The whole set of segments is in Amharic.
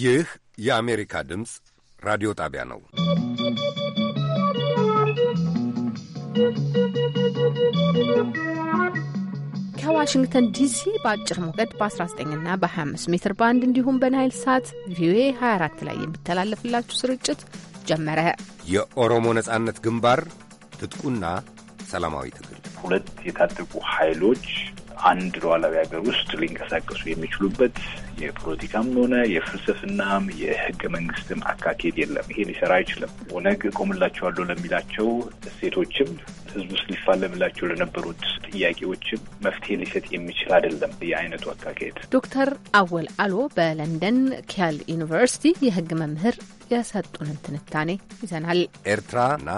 ይህ የአሜሪካ ድምፅ ራዲዮ ጣቢያ ነው። ከዋሽንግተን ዲሲ በአጭር ሞገድ በ19 ና በ25 ሜትር ባንድ እንዲሁም በናይል ሳት ቪኦኤ 24 ላይ የሚተላለፍላችሁ ስርጭት ጀመረ። የኦሮሞ ነጻነት ግንባር ትጥቁና ሰላማዊ ትግል ሁለት የታጠቁ ኃይሎች አንድ ሉዓላዊ ሀገር ውስጥ ሊንቀሳቀሱ የሚችሉበት የፖለቲካም ሆነ የፍልስፍናም የህገ መንግስትም አካኬድ የለም። ይሄ ሊሰራ አይችልም። ኦነግ እቆምላቸዋለሁ ለሚላቸው እሴቶችም ህዝብ ውስጥ ሊፋለምላቸው ለነበሩት ጥያቄዎችም መፍትሄ ሊሰጥ የሚችል አይደለም የአይነቱ አካሄድ። ዶክተር አወል አሎ በለንደን ኪያል ዩኒቨርሲቲ የህግ መምህር የሰጡንን ትንታኔ ይዘናል። ኤርትራና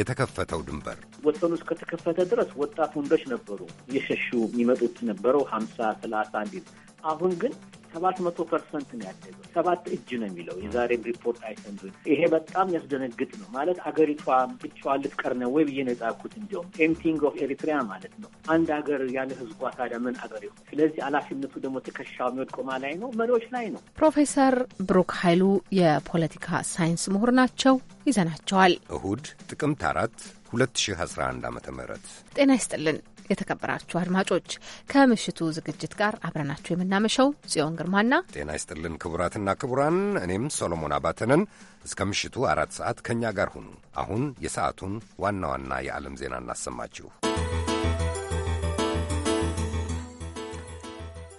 የተከፈተው ድንበር ወሰኑ እስከተከፈተ ድረስ ወጣት ወንዶች ነበሩ እየሸሹ የሚመጡት ነበረው ሀምሳ ሰላሳ እንዲል አሁን ግን ሰባት መቶ ፐርሰንት ነው ያደገው። ሰባት እጅ ነው የሚለው የዛሬም ሪፖርት አይሰንዱ። ይሄ በጣም ያስደነግጥ ነው ማለት ሀገሪቷ ብቻዋን ልትቀር ነው ወይ ብዬ ነው የጻፍኩት። እንዲሁም ኤምቲንግ ኦፍ ኤሪትሪያ ማለት ነው አንድ ሀገር ያለ ህዝቧ ታዲያ ምን ሀገር ይሆን? ስለዚህ ኃላፊነቱ ደግሞ ትከሻ የሚወድቆማ ላይ ነው? መሪዎች ላይ ነው። ፕሮፌሰር ብሩክ ኃይሉ የፖለቲካ ሳይንስ ምሁር ናቸው። ይዘናቸዋል። እሁድ ጥቅምት አራት 2011 ዓ ም ጤና ይስጥልን የተከበራችሁ አድማጮች ከምሽቱ ዝግጅት ጋር አብረናችሁ የምናመሸው ጽዮን ግርማና ጤና ይስጥልን ክቡራትና ክቡራን፣ እኔም ሶሎሞን አባተንን እስከ ምሽቱ አራት ሰዓት ከእኛ ጋር ሁኑ። አሁን የሰዓቱን ዋና ዋና የዓለም ዜና እናሰማችሁ።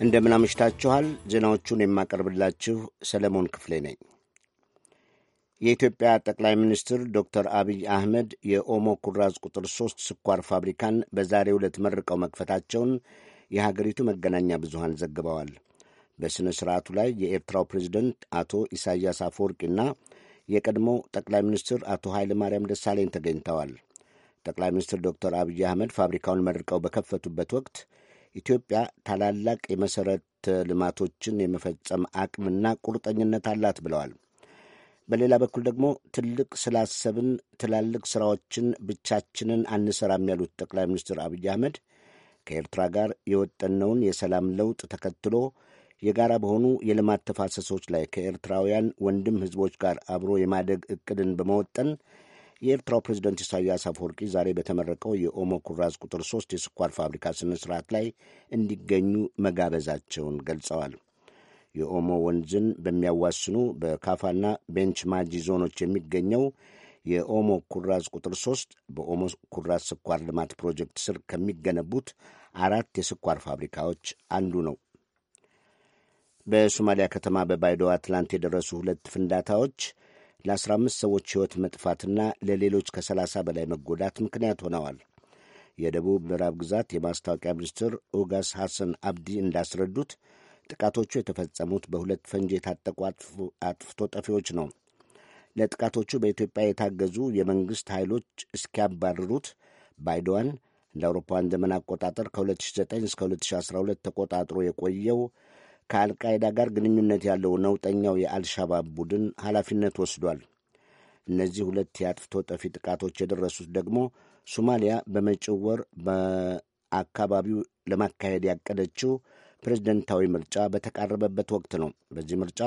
እንደምን አምሽታችኋል። ዜናዎቹን የማቀርብላችሁ ሰለሞን ክፍሌ ነኝ። የኢትዮጵያ ጠቅላይ ሚኒስትር ዶክተር አብይ አህመድ የኦሞ ኩራዝ ቁጥር ሶስት ስኳር ፋብሪካን በዛሬው ዕለት መርቀው መክፈታቸውን የሀገሪቱ መገናኛ ብዙሃን ዘግበዋል። በሥነ ሥርዓቱ ላይ የኤርትራው ፕሬዝደንት አቶ ኢሳያስ አፈወርቂና የቀድሞው ጠቅላይ ሚኒስትር አቶ ማርያም ደሳለኝ ተገኝተዋል። ጠቅላይ ሚኒስትር ዶክተር አብይ አህመድ ፋብሪካውን መርቀው በከፈቱበት ወቅት ኢትዮጵያ ታላላቅ የመሠረተ ልማቶችን የመፈጸም አቅምና ቁርጠኝነት አላት ብለዋል። በሌላ በኩል ደግሞ ትልቅ ስላሰብን ትላልቅ ስራዎችን ብቻችንን አንሰራም ያሉት ጠቅላይ ሚኒስትር አብይ አህመድ ከኤርትራ ጋር የወጠነውን የሰላም ለውጥ ተከትሎ የጋራ በሆኑ የልማት ተፋሰሶች ላይ ከኤርትራውያን ወንድም ህዝቦች ጋር አብሮ የማደግ እቅድን በመወጠን የኤርትራው ፕሬዚደንት ኢሳያስ አፈወርቂ ዛሬ በተመረቀው የኦሞ ኩራዝ ቁጥር ሶስት የስኳር ፋብሪካ ስነስርዓት ላይ እንዲገኙ መጋበዛቸውን ገልጸዋል። የኦሞ ወንዝን በሚያዋስኑ በካፋና ቤንችማጂ ዞኖች የሚገኘው የኦሞ ኩራዝ ቁጥር ሶስት በኦሞ ኩራዝ ስኳር ልማት ፕሮጀክት ስር ከሚገነቡት አራት የስኳር ፋብሪካዎች አንዱ ነው። በሶማሊያ ከተማ በባይዶ አትላንት የደረሱ ሁለት ፍንዳታዎች ለ15 ሰዎች ሕይወት መጥፋትና ለሌሎች ከ30 በላይ መጎዳት ምክንያት ሆነዋል። የደቡብ ምዕራብ ግዛት የማስታወቂያ ሚኒስትር ኦጋስ ሐሰን አብዲ እንዳስረዱት ጥቃቶቹ የተፈጸሙት በሁለት ፈንጂ የታጠቁ አጥፍቶ ጠፊዎች ነው። ለጥቃቶቹ በኢትዮጵያ የታገዙ የመንግሥት ኃይሎች እስኪያባርሩት ባይደዋን እንደ አውሮፓውያን ዘመን አቆጣጠር ከ2009 እስከ 2012 ተቆጣጥሮ የቆየው ከአልቃይዳ ጋር ግንኙነት ያለው ነውጠኛው የአልሻባብ ቡድን ኃላፊነት ወስዷል። እነዚህ ሁለት የአጥፍቶ ጠፊ ጥቃቶች የደረሱት ደግሞ ሶማሊያ በመጪው ወር በአካባቢው ለማካሄድ ያቀደችው ፕሬዝደንታዊ ምርጫ በተቃረበበት ወቅት ነው። በዚህ ምርጫ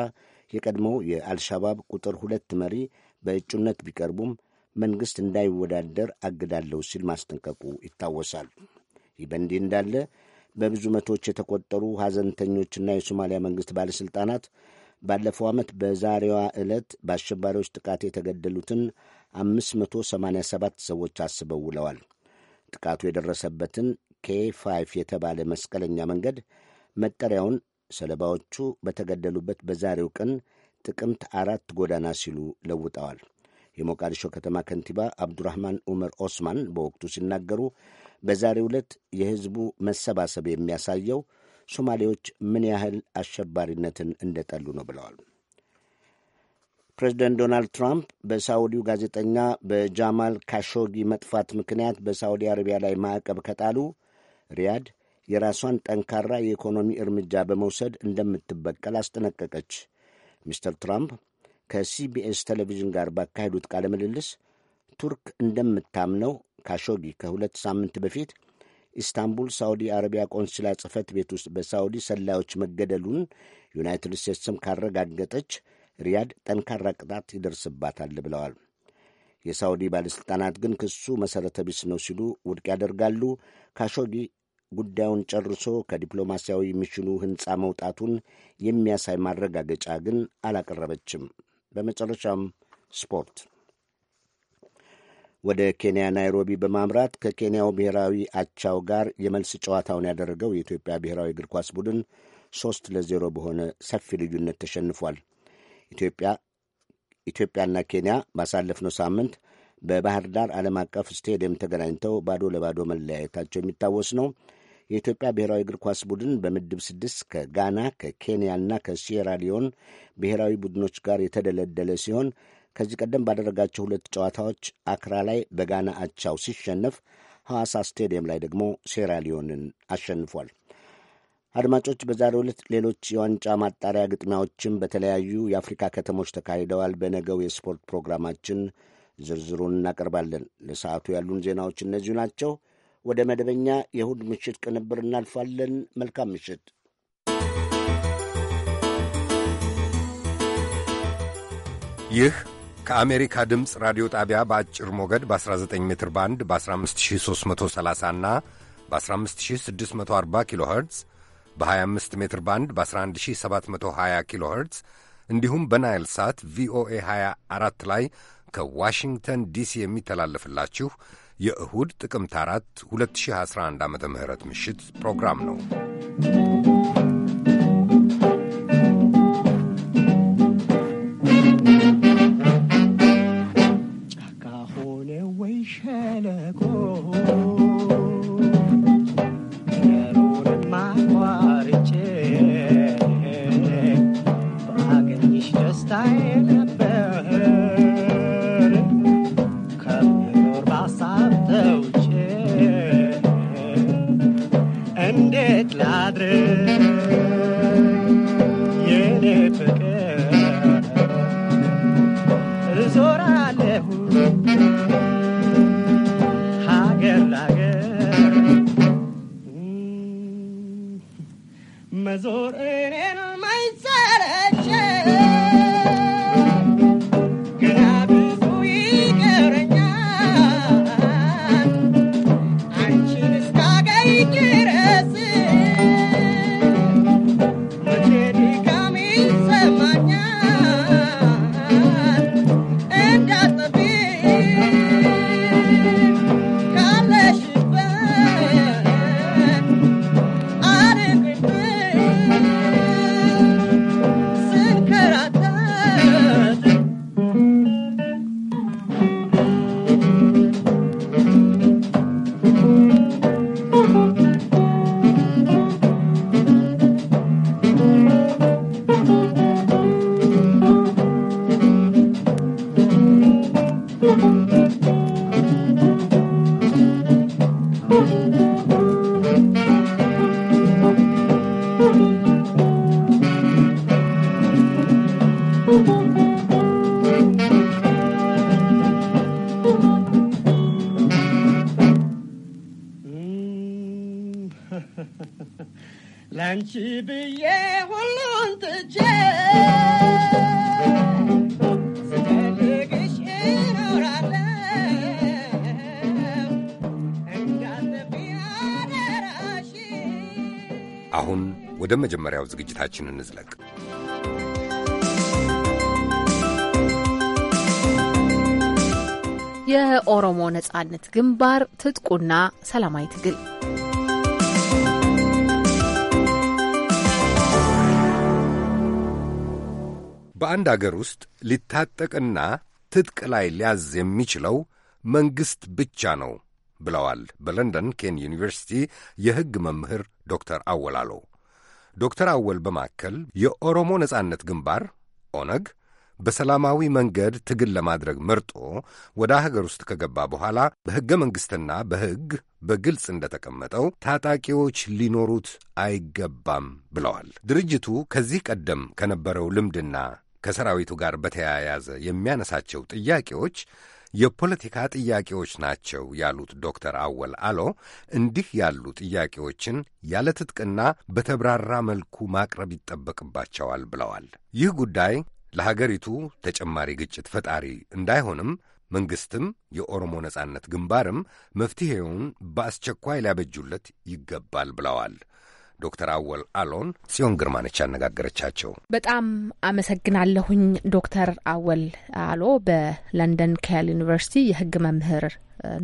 የቀድሞው የአልሻባብ ቁጥር ሁለት መሪ በእጩነት ቢቀርቡም መንግሥት እንዳይወዳደር አግዳለሁ ሲል ማስጠንቀቁ ይታወሳል። ይህ በእንዲህ እንዳለ በብዙ መቶዎች የተቆጠሩ ሐዘንተኞችና የሶማሊያ መንግሥት ባለሥልጣናት ባለፈው ዓመት በዛሬዋ ዕለት በአሸባሪዎች ጥቃት የተገደሉትን 587 ሰዎች አስበው ውለዋል። ጥቃቱ የደረሰበትን ኬ5 የተባለ መስቀለኛ መንገድ መጠሪያውን ሰለባዎቹ በተገደሉበት በዛሬው ቀን ጥቅምት አራት ጎዳና ሲሉ ለውጠዋል። የሞቃዲሾ ከተማ ከንቲባ አብዱራህማን ዑመር ኦስማን በወቅቱ ሲናገሩ በዛሬው ዕለት የሕዝቡ መሰባሰብ የሚያሳየው ሶማሌዎች ምን ያህል አሸባሪነትን እንደጠሉ ነው ብለዋል። ፕሬዚደንት ዶናልድ ትራምፕ በሳውዲው ጋዜጠኛ በጃማል ካሾጊ መጥፋት ምክንያት በሳውዲ አረቢያ ላይ ማዕቀብ ከጣሉ ሪያድ የራሷን ጠንካራ የኢኮኖሚ እርምጃ በመውሰድ እንደምትበቀል አስጠነቀቀች። ሚስተር ትራምፕ ከሲቢኤስ ቴሌቪዥን ጋር ባካሄዱት ቃለ ምልልስ ቱርክ እንደምታምነው ካሾጊ ከሁለት ሳምንት በፊት ኢስታንቡል ሳውዲ አረቢያ ቆንስላ ጽህፈት ቤት ውስጥ በሳውዲ ሰላዮች መገደሉን ዩናይትድ ስቴትስም ካረጋገጠች ሪያድ ጠንካራ ቅጣት ይደርስባታል ብለዋል። የሳውዲ ባለሥልጣናት ግን ክሱ መሠረተ ቢስ ነው ሲሉ ውድቅ ያደርጋሉ። ካሾጊ ጉዳዩን ጨርሶ ከዲፕሎማሲያዊ ሚሽኑ ሕንፃ መውጣቱን የሚያሳይ ማረጋገጫ ግን አላቀረበችም። በመጨረሻም ስፖርት ወደ ኬንያ ናይሮቢ በማምራት ከኬንያው ብሔራዊ አቻው ጋር የመልስ ጨዋታውን ያደረገው የኢትዮጵያ ብሔራዊ እግር ኳስ ቡድን ሶስት ለዜሮ በሆነ ሰፊ ልዩነት ተሸንፏል። ኢትዮጵያና ኬንያ ባሳለፍነው ሳምንት በባህር ዳር ዓለም አቀፍ ስቴዲየም ተገናኝተው ባዶ ለባዶ መለያየታቸው የሚታወስ ነው። የኢትዮጵያ ብሔራዊ እግር ኳስ ቡድን በምድብ ስድስት ከጋና ከኬንያና ከሲየራ ሊዮን ብሔራዊ ቡድኖች ጋር የተደለደለ ሲሆን ከዚህ ቀደም ባደረጋቸው ሁለት ጨዋታዎች አክራ ላይ በጋና አቻው ሲሸነፍ፣ ሐዋሳ ስቴዲየም ላይ ደግሞ ሴራ ሊዮንን አሸንፏል። አድማጮች በዛሬ ዕለት ሌሎች የዋንጫ ማጣሪያ ግጥሚያዎችም በተለያዩ የአፍሪካ ከተሞች ተካሂደዋል። በነገው የስፖርት ፕሮግራማችን ዝርዝሩን እናቀርባለን። ለሰዓቱ ያሉን ዜናዎች እነዚሁ ናቸው። ወደ መደበኛ የእሁድ ምሽት ቅንብር እናልፋለን። መልካም ምሽት። ይህ ከአሜሪካ ድምፅ ራዲዮ ጣቢያ በአጭር ሞገድ በ19 ሜትር ባንድ በ15330 እና በ15640 ኪሎ ኸርትዝ በ25 ሜትር ባንድ በ11720 ኪሎ ኸርትዝ እንዲሁም በናይል ሳት ቪኦኤ 24 ላይ ከዋሽንግተን ዲሲ የሚተላለፍላችሁ የእሁድ ጥቅምት 4 2011 ዓ ም ምሽት ፕሮግራም ነው። ጫካ ሆነ ወይ ሸለቆ መዞር እኔን ማይሰለቸኝ የመጀመሪያው ዝግጅታችን እንዝለቅ። የኦሮሞ ነጻነት ግንባር ትጥቁና ሰላማዊ ትግል በአንድ አገር ውስጥ ሊታጠቅና ትጥቅ ላይ ሊያዝ የሚችለው መንግሥት ብቻ ነው ብለዋል በለንደን ኬን ዩኒቨርሲቲ የሕግ መምህር ዶክተር አወላሎ ዶክተር አወል በማከል የኦሮሞ ነጻነት ግንባር ኦነግ በሰላማዊ መንገድ ትግል ለማድረግ መርጦ ወደ ሀገር ውስጥ ከገባ በኋላ በሕገ መንግሥትና በሕግ በግልጽ እንደተቀመጠው ታጣቂዎች ሊኖሩት አይገባም ብለዋል። ድርጅቱ ከዚህ ቀደም ከነበረው ልምድና ከሰራዊቱ ጋር በተያያዘ የሚያነሳቸው ጥያቄዎች የፖለቲካ ጥያቄዎች ናቸው ያሉት ዶክተር አወል አሎ እንዲህ ያሉ ጥያቄዎችን ያለ ትጥቅና በተብራራ መልኩ ማቅረብ ይጠበቅባቸዋል ብለዋል። ይህ ጉዳይ ለሀገሪቱ ተጨማሪ ግጭት ፈጣሪ እንዳይሆንም መንግሥትም የኦሮሞ ነጻነት ግንባርም መፍትሔውን በአስቸኳይ ሊያበጁለት ይገባል ብለዋል። ዶክተር አወል አሎን ጽዮን ግርማነች ያነጋገረቻቸው። በጣም አመሰግናለሁኝ ዶክተር አወል አሎ በለንደን ኬል ዩኒቨርሲቲ የህግ መምህር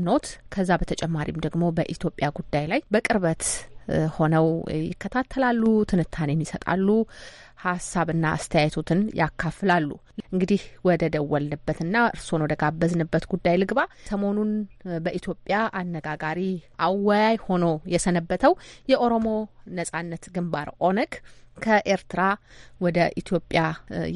ኖት። ከዛ በተጨማሪም ደግሞ በኢትዮጵያ ጉዳይ ላይ በቅርበት ሆነው ይከታተላሉ፣ ትንታኔን ይሰጣሉ፣ ሀሳብና አስተያየቶትን ያካፍላሉ። እንግዲህ ወደ ደወልንበትና እርስዎን ወደ ጋበዝንበት ጉዳይ ልግባ። ሰሞኑን በኢትዮጵያ አነጋጋሪ አወያይ ሆኖ የሰነበተው የኦሮሞ ነጻነት ግንባር ኦነግ ከኤርትራ ወደ ኢትዮጵያ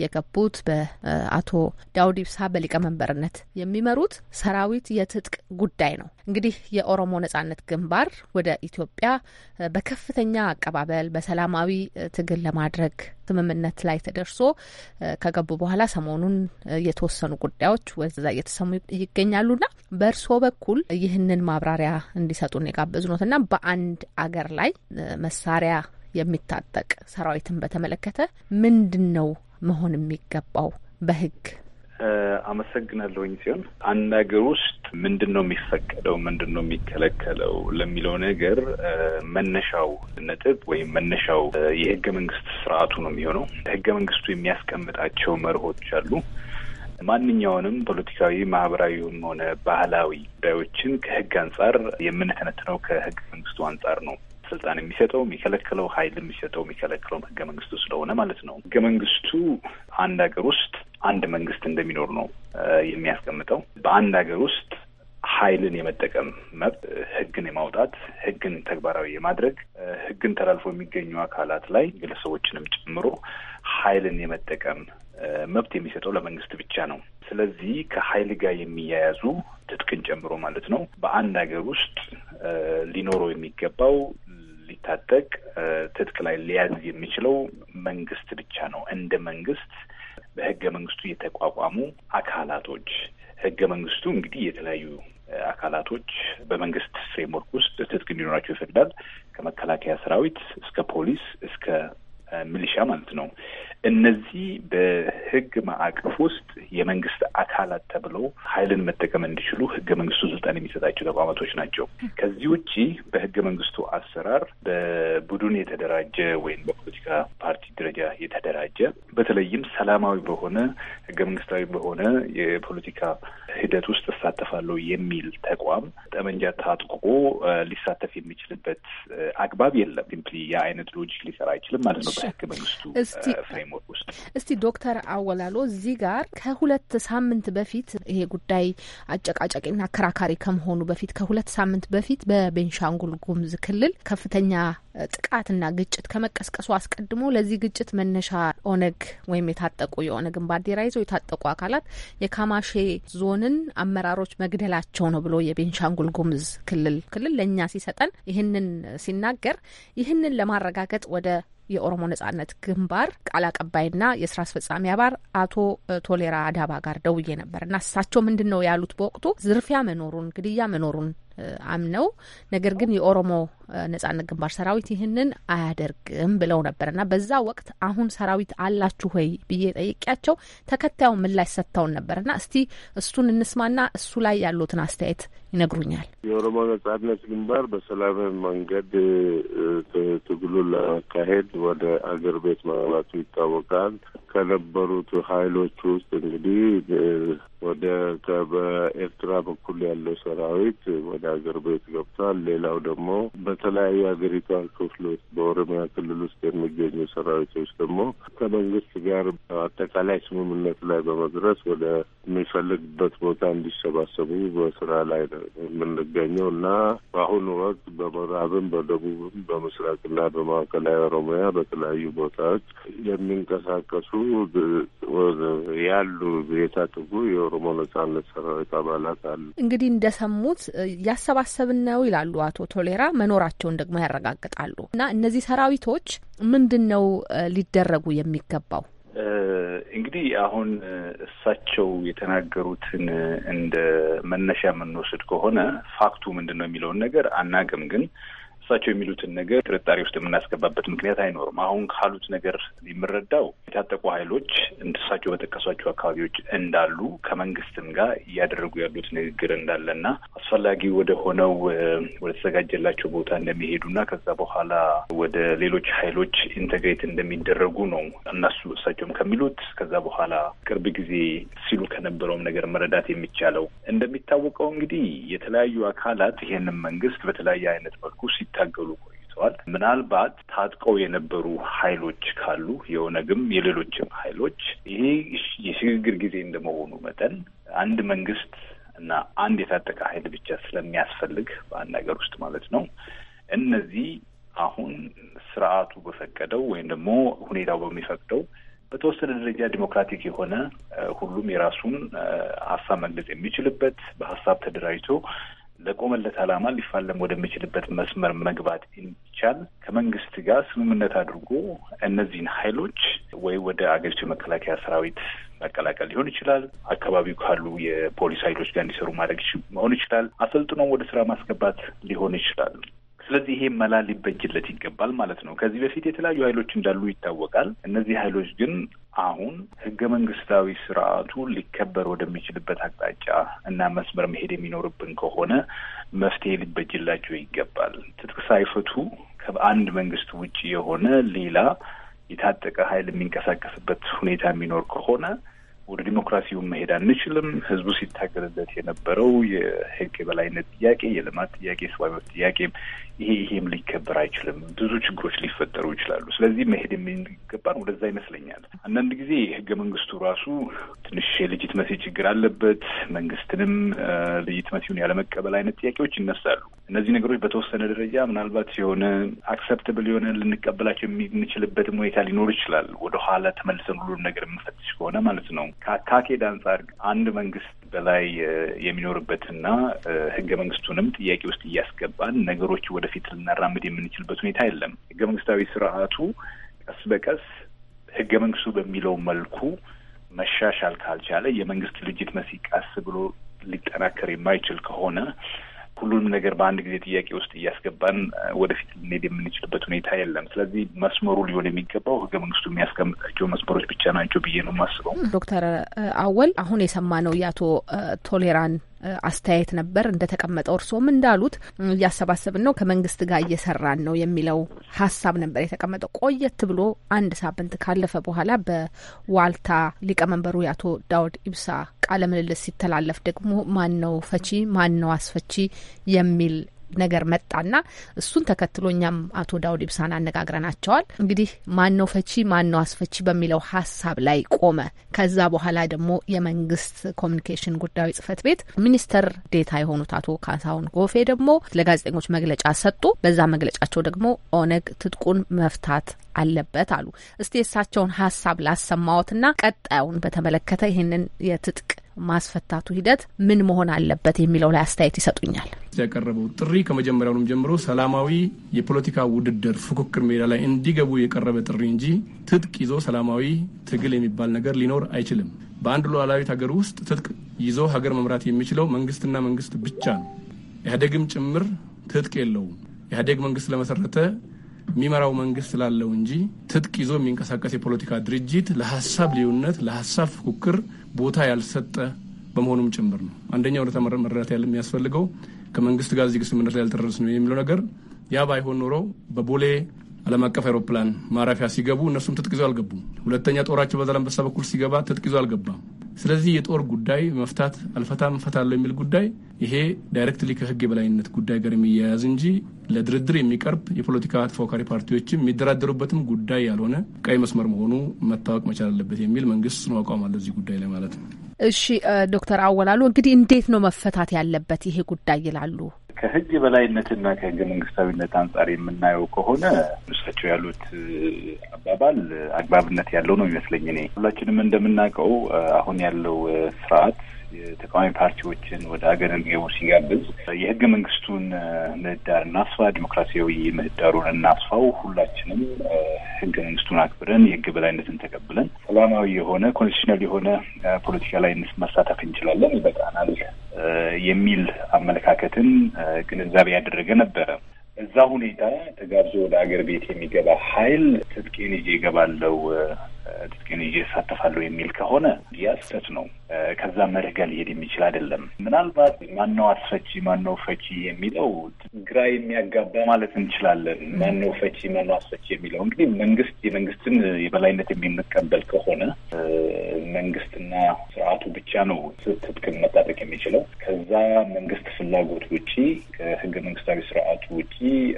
የገቡት በአቶ ዳውድ ኢብሳ በሊቀመንበርነት የሚመሩት ሰራዊት የትጥቅ ጉዳይ ነው። እንግዲህ የኦሮሞ ነጻነት ግንባር ወደ ኢትዮጵያ በከፍተኛ አቀባበል በሰላማዊ ትግል ለማድረግ ስምምነት ላይ ተደርሶ ከገቡ በኋላ ሰሞኑን የተወሰኑ ጉዳዮች ወዛ እየተሰሙ ይገኛሉና በእርስዎ በኩል ይህንን ማብራሪያ እንዲሰጡን የጋበዙ ኖትና በአንድ አገር ላይ መሳሪያ የሚታጠቅ ሰራዊትን በተመለከተ ምንድን ነው መሆን የሚገባው በህግ? አመሰግናለሁኝ ሲሆን አንድ ሀገር ውስጥ ምንድን ነው የሚፈቀደው ምንድን ነው የሚከለከለው ለሚለው ነገር መነሻው ነጥብ ወይም መነሻው የህገ መንግስት ስርዓቱ ነው የሚሆነው። ህገ መንግስቱ የሚያስቀምጣቸው መርሆች አሉ። ማንኛውንም ፖለቲካዊ፣ ማህበራዊም ሆነ ባህላዊ ጉዳዮችን ከህግ አንጻር የምንተነትነው ከህገ መንግስቱ አንጻር ነው። ስልጣን የሚሰጠው የሚከለክለው ኃይል የሚሰጠው የሚከለክለው ህገ መንግስቱ ስለሆነ ማለት ነው። ህገ መንግስቱ አንድ ሀገር ውስጥ አንድ መንግስት እንደሚኖር ነው የሚያስቀምጠው። በአንድ ሀገር ውስጥ ኃይልን የመጠቀም መብት፣ ህግን የማውጣት፣ ህግን ተግባራዊ የማድረግ ህግን ተላልፎ የሚገኙ አካላት ላይ ግለሰቦችንም ጨምሮ ኃይልን የመጠቀም መብት የሚሰጠው ለመንግስት ብቻ ነው። ስለዚህ ከኃይል ጋር የሚያያዙ ትጥቅን ጨምሮ ማለት ነው በአንድ ሀገር ውስጥ ሊኖረው የሚገባው ሊታጠቅ ትጥቅ ላይ ሊያዝ የሚችለው መንግስት ብቻ ነው። እንደ መንግስት በህገ መንግስቱ የተቋቋሙ አካላቶች ህገ መንግስቱ እንግዲህ የተለያዩ አካላቶች በመንግስት ፍሬምወርክ ውስጥ ትጥቅ እንዲኖራቸው ይፈቅዳል። ከመከላከያ ሰራዊት እስከ ፖሊስ እስከ ሚሊሻ ማለት ነው። እነዚህ በህግ ማዕቀፍ ውስጥ የመንግስት አካላት ተብለው ኃይልን መጠቀም እንዲችሉ ህገ መንግስቱ ስልጣን የሚሰጣቸው ተቋማቶች ናቸው። ከዚህ ውጭ በህገ መንግስቱ አሰራር በቡድን የተደራጀ ወይም በፖለቲካ ፓርቲ ደረጃ የተደራጀ በተለይም ሰላማዊ በሆነ ህገ መንግስታዊ በሆነ የፖለቲካ ሂደት ውስጥ እሳተፋለሁ የሚል ተቋም ጠመንጃ ታጥቆ ሊሳተፍ የሚችልበት አግባብ የለም። ሲምፕሊ የአይነት ሎጂክ ሊሰራ አይችልም ማለት ነው በህገ መንግስቱ ፍሬም ሞር ውስጥ እስቲ ዶክተር አወላሎ እዚህ ጋር ከሁለት ሳምንት በፊት ይሄ ጉዳይ አጨቃጫቂና አከራካሪ ከመሆኑ በፊት ከሁለት ሳምንት በፊት በቤንሻንጉል ጉሙዝ ክልል ከፍተኛ ጥቃትና ግጭት ከመቀስቀሱ አስቀድሞ ለዚህ ግጭት መነሻ ኦነግ ወይም የታጠቁ የኦነግን ባንዲራ ይዘው የታጠቁ አካላት የካማሼ ዞንን አመራሮች መግደላቸው ነው ብሎ የቤንሻንጉል ጉምዝ ክልል ክልል ለእኛ ሲሰጠን ይህንን ሲናገር ይህንን ለማረጋገጥ ወደ የኦሮሞ ነጻነት ግንባር ቃል አቀባይና የስራ አስፈጻሚ አባል አቶ ቶሌራ አዳባ ጋር ደውዬ ነበር እና እሳቸው ምንድን ነው ያሉት በወቅቱ ዝርፊያ መኖሩን ግድያ መኖሩን አምነው ነገር ግን የኦሮሞ ነጻነት ግንባር ሰራዊት ይህንን አያደርግም ብለው ነበር እና በዛ ወቅት አሁን ሰራዊት አላችሁ ወይ ብዬ ጠይቄያቸው ተከታዩ ምላሽ ሰጥተውን ነበር እና እስቲ እሱን እንስማና እሱ ላይ ያሉትን አስተያየት ይነግሩኛል። የኦሮሞ ነጻነት ግንባር በሰላም መንገድ ትግሉ ለመካሄድ ወደ አገር ቤት መግባቱ ይታወቃል። ከነበሩት ሀይሎች ውስጥ እንግዲህ ወደ በኤርትራ በኩል ያለው ሰራዊት ወደ ሀገር ቤት ገብቷል። ሌላው ደግሞ በተለያዩ ሀገሪቷ ክፍሎች በኦሮሚያ ክልል ውስጥ የሚገኙ ሰራዊቶች ደግሞ ከመንግስት ጋር አጠቃላይ ስምምነት ላይ በመድረስ ወደ የሚፈልግበት ቦታ እንዲሰባሰቡ በስራ ላይ ነው የምንገኘው እና በአሁኑ ወቅት በምዕራብም በደቡብም በምስራቅና በማዕከላዊ ኦሮሚያ በተለያዩ ቦታዎች የሚንቀሳቀሱ ያሉ የታጠቁ የኦሮሞ ነጻነት ሰራዊት አባላት አሉ። እንግዲህ እንደሰሙት እያሰባሰብን ነው ይላሉ አቶ ቶሌራ፣ መኖራቸውን ደግሞ ያረጋግጣሉ እና እነዚህ ሰራዊቶች ምንድን ነው ሊደረጉ የሚገባው? እንግዲህ አሁን እሳቸው የተናገሩትን እንደ መነሻ የምንወስድ ከሆነ ፋክቱ ምንድን ነው የሚለውን ነገር አናቅም፣ ግን እሳቸው የሚሉትን ነገር ጥርጣሬ ውስጥ የምናስገባበት ምክንያት አይኖርም። አሁን ካሉት ነገር የምረዳው የታጠቁ ኃይሎች እንድሳቸው በጠቀሷቸው አካባቢዎች እንዳሉ ከመንግስትም ጋር እያደረጉ ያሉት ንግግር እንዳለና አስፈላጊ ወደ ሆነው ወደ ተዘጋጀላቸው ቦታ እንደሚሄዱና ከዛ በኋላ ወደ ሌሎች ኃይሎች ኢንተግሬት እንደሚደረጉ ነው እነሱ እሳቸውም ከሚሉት ከዛ በኋላ ቅርብ ጊዜ ሲሉ ከነበረውም ነገር መረዳት የሚቻለው። እንደሚታወቀው እንግዲህ የተለያዩ አካላት ይሄንን መንግስት በተለያየ አይነት መልኩ ሲታገሉ ቆይ ገልጸዋል። ምናልባት ታጥቀው የነበሩ ኃይሎች ካሉ የኦነግም የሌሎችም ኃይሎች ይሄ የሽግግር ጊዜ እንደመሆኑ መጠን አንድ መንግስት እና አንድ የታጠቀ ኃይል ብቻ ስለሚያስፈልግ በአንድ ሀገር ውስጥ ማለት ነው እነዚህ አሁን ስርዓቱ በፈቀደው ወይም ደግሞ ሁኔታው በሚፈቅደው በተወሰነ ደረጃ ዲሞክራቲክ የሆነ ሁሉም የራሱን ሀሳብ መግለጽ የሚችልበት በሀሳብ ተደራጅቶ ለቆመለት ዓላማ ሊፋለም ወደሚችልበት መስመር መግባት እንዲቻል ከመንግስት ጋር ስምምነት አድርጎ እነዚህን ኃይሎች ወይ ወደ አገሪቱ የመከላከያ ሰራዊት መቀላቀል ሊሆን ይችላል። አካባቢው ካሉ የፖሊስ ኃይሎች ጋር እንዲሰሩ ማድረግ መሆን ይችላል። አሰልጥኖ ወደ ስራ ማስገባት ሊሆን ይችላል። ስለዚህ ይሄ መላ ሊበጅለት ይገባል ማለት ነው። ከዚህ በፊት የተለያዩ ኃይሎች እንዳሉ ይታወቃል። እነዚህ ኃይሎች ግን አሁን ህገ መንግስታዊ ስርዓቱ ሊከበር ወደሚችልበት አቅጣጫ እና መስመር መሄድ የሚኖርብን ከሆነ መፍትሄ ሊበጅላቸው ይገባል። ትጥቅ ሳይፈቱ ከአንድ መንግስት ውጭ የሆነ ሌላ የታጠቀ ኃይል የሚንቀሳቀስበት ሁኔታ የሚኖር ከሆነ ወደ ዲሞክራሲውን መሄድ አንችልም። ህዝቡ ሲታገልለት የነበረው የህግ የበላይነት ጥያቄ፣ የልማት ጥያቄ፣ የሰብአዊ መብት ጥያቄም ይሄ ይሄም ሊከበር አይችልም። ብዙ ችግሮች ሊፈጠሩ ይችላሉ። ስለዚህ መሄድ የሚገባን ወደዛ ይመስለኛል። አንዳንድ ጊዜ ህገ መንግስቱ ራሱ ትንሽ የልጅት መሴ ችግር አለበት። መንግስትንም ልጅት መሲሁን ያለመቀበል አይነት ጥያቄዎች ይነሳሉ። እነዚህ ነገሮች በተወሰነ ደረጃ ምናልባት የሆነ አክሰፕተብል የሆነ ልንቀበላቸው የምንችልበትም ሁኔታ ሊኖር ይችላል። ወደኋላ ተመልሰን ሁሉን ነገር የምንፈትሽ ከሆነ ማለት ነው። ከአካቴድ አንጻር አንድ መንግስት በላይ የሚኖርበትና ህገ መንግስቱንም ጥያቄ ውስጥ እያስገባን ነገሮች ወደፊት ልናራምድ የምንችልበት ሁኔታ የለም። ህገ መንግስታዊ ስርዓቱ ቀስ በቀስ ህገ መንግስቱ በሚለው መልኩ መሻሻል ካልቻለ የመንግስት ልጅት መሲ ቀስ ብሎ ሊጠናከር የማይችል ከሆነ ሁሉንም ነገር በአንድ ጊዜ ጥያቄ ውስጥ እያስገባን ወደፊት ልንሄድ የምንችልበት ሁኔታ የለም። ስለዚህ መስመሩ ሊሆን የሚገባው ህገ መንግስቱ የሚያስቀምጣቸው መስመሮች ብቻ ናቸው ብዬ ነው የማስበው። ዶክተር አወል አሁን የሰማነው የአቶ ቶሌራን አስተያየት ነበር። እንደተቀመጠው እርስዎም እንዳሉት እያሰባሰብን ነው፣ ከመንግስት ጋር እየሰራን ነው የሚለው ሀሳብ ነበር የተቀመጠው። ቆየት ብሎ አንድ ሳምንት ካለፈ በኋላ በዋልታ ሊቀመንበሩ የአቶ ዳውድ ኢብሳ ቃለ ምልልስ ሲተላለፍ ደግሞ ማን ነው ፈቺ ማን ነው አስፈቺ የሚል ነገር መጣና እሱን ተከትሎ እኛም አቶ ዳውድ ኢብሳን አነጋግረናቸዋል። እንግዲህ ማን ነው ፈቺ ማን ነው አስፈቺ በሚለው ሀሳብ ላይ ቆመ። ከዛ በኋላ ደግሞ የመንግስት ኮሚኒኬሽን ጉዳዩ ጽህፈት ቤት ሚኒስተር ዴታ የሆኑት አቶ ካሳሁን ጎፌ ደግሞ ለጋዜጠኞች መግለጫ ሰጡ። በዛ መግለጫቸው ደግሞ ኦነግ ትጥቁን መፍታት አለበት አሉ። እስቲ የእሳቸውን ሀሳብ ላሰማዎትና ቀጣዩን በተመለከተ ይህንን የትጥቅ ማስፈታቱ ሂደት ምን መሆን አለበት የሚለው ላይ አስተያየት ይሰጡኛል። ያቀረበው ጥሪ ከመጀመሪያውም ጀምሮ ሰላማዊ የፖለቲካ ውድድር ፉክክር ሜዳ ላይ እንዲገቡ የቀረበ ጥሪ እንጂ ትጥቅ ይዞ ሰላማዊ ትግል የሚባል ነገር ሊኖር አይችልም። በአንድ ሉዓላዊት ሀገር ውስጥ ትጥቅ ይዞ ሀገር መምራት የሚችለው መንግስትና መንግስት ብቻ ነው። ኢህአዴግም ጭምር ትጥቅ የለውም። ኢህአዴግ መንግስት ለመሰረተ የሚመራው መንግስት ስላለው እንጂ ትጥቅ ይዞ የሚንቀሳቀስ የፖለቲካ ድርጅት ለሀሳብ ልዩነት፣ ለሀሳብ ፉክክር ቦታ ያልሰጠ በመሆኑም ጭምር ነው። አንደኛው መረዳት የሚያስፈልገው ከመንግስት ጋር እዚህ ስምምነት ላይ ያልደረስ ነው የሚለው ነገር ያ ባይሆን ኖሮ በቦሌ ዓለም አቀፍ አይሮፕላን ማረፊያ ሲገቡ እነሱም ትጥቅ ይዞ አልገቡም። ሁለተኛ ጦራቸው በዛላንበሳ በኩል ሲገባ ትጥቅ ይዞ አልገባም። ስለዚህ የጦር ጉዳይ መፍታት አልፈታም ፈታለሁ የሚል ጉዳይ ይሄ ዳይሬክትሊ ከህግ የበላይነት ጉዳይ ጋር የሚያያዝ እንጂ ለድርድር የሚቀርብ የፖለቲካ ተፎካሪ ፓርቲዎችም የሚደራደሩበትም ጉዳይ ያልሆነ ቀይ መስመር መሆኑ መታወቅ መቻል አለበት የሚል መንግስት ነው አቋም አለ እዚህ ጉዳይ ላይ ማለት ነው። እሺ ዶክተር አወላሉ እንግዲህ እንዴት ነው መፈታት ያለበት ይሄ ጉዳይ ይላሉ? ከህግ በላይነትና ከህገ መንግስታዊነት አንጻር የምናየው ከሆነ እሳቸው ያሉት አባባል አግባብነት ያለው ነው ይመስለኝ። እኔ ሁላችንም እንደምናውቀው አሁን ያለው ስርዓት የተቃዋሚ ፓርቲዎችን ወደ ሀገር እንዲገቡ ሲጋብዝ የህገ መንግስቱን ምህዳር እናስፋ፣ ዲሞክራሲያዊ ምህዳሩን እናስፋው፣ ሁላችንም ህገ መንግስቱን አክብረን የህግ በላይነትን ተቀብለን ሰላማዊ የሆነ ኮንስቲቱሽናል የሆነ ፖለቲካ ላይ መሳተፍ እንችላለን፣ ይበቃናል የሚል አመለካከትን ግንዛቤ ያደረገ ነበረ። እዛ ሁኔታ ተጋብዞ ወደ ሀገር ቤት የሚገባ ሀይል ትጥቄን ይዤ ይገባለው ትጥቅን ይዤ እሳተፋለሁ የሚል ከሆነ ያ ስህተት ነው። ከዛ መርህ ጋር ሊሄድ የሚችል አይደለም። ምናልባት ማነው አስፈቺ ማነው ፈቺ የሚለው ግራ የሚያጋባ ማለት እንችላለን። ማነው ፈቺ ማነው አስፈቺ የሚለው እንግዲህ መንግስት የመንግስትን የበላይነት የሚቀበል ከሆነ መንግስትና ስርዓቱ ብቻ ነው ትጥቅን መታጠቅ የሚችለው። ከዛ መንግስት ፍላጎት ውጪ ከህገ መንግስታዊ ስርዓቱ ውጪ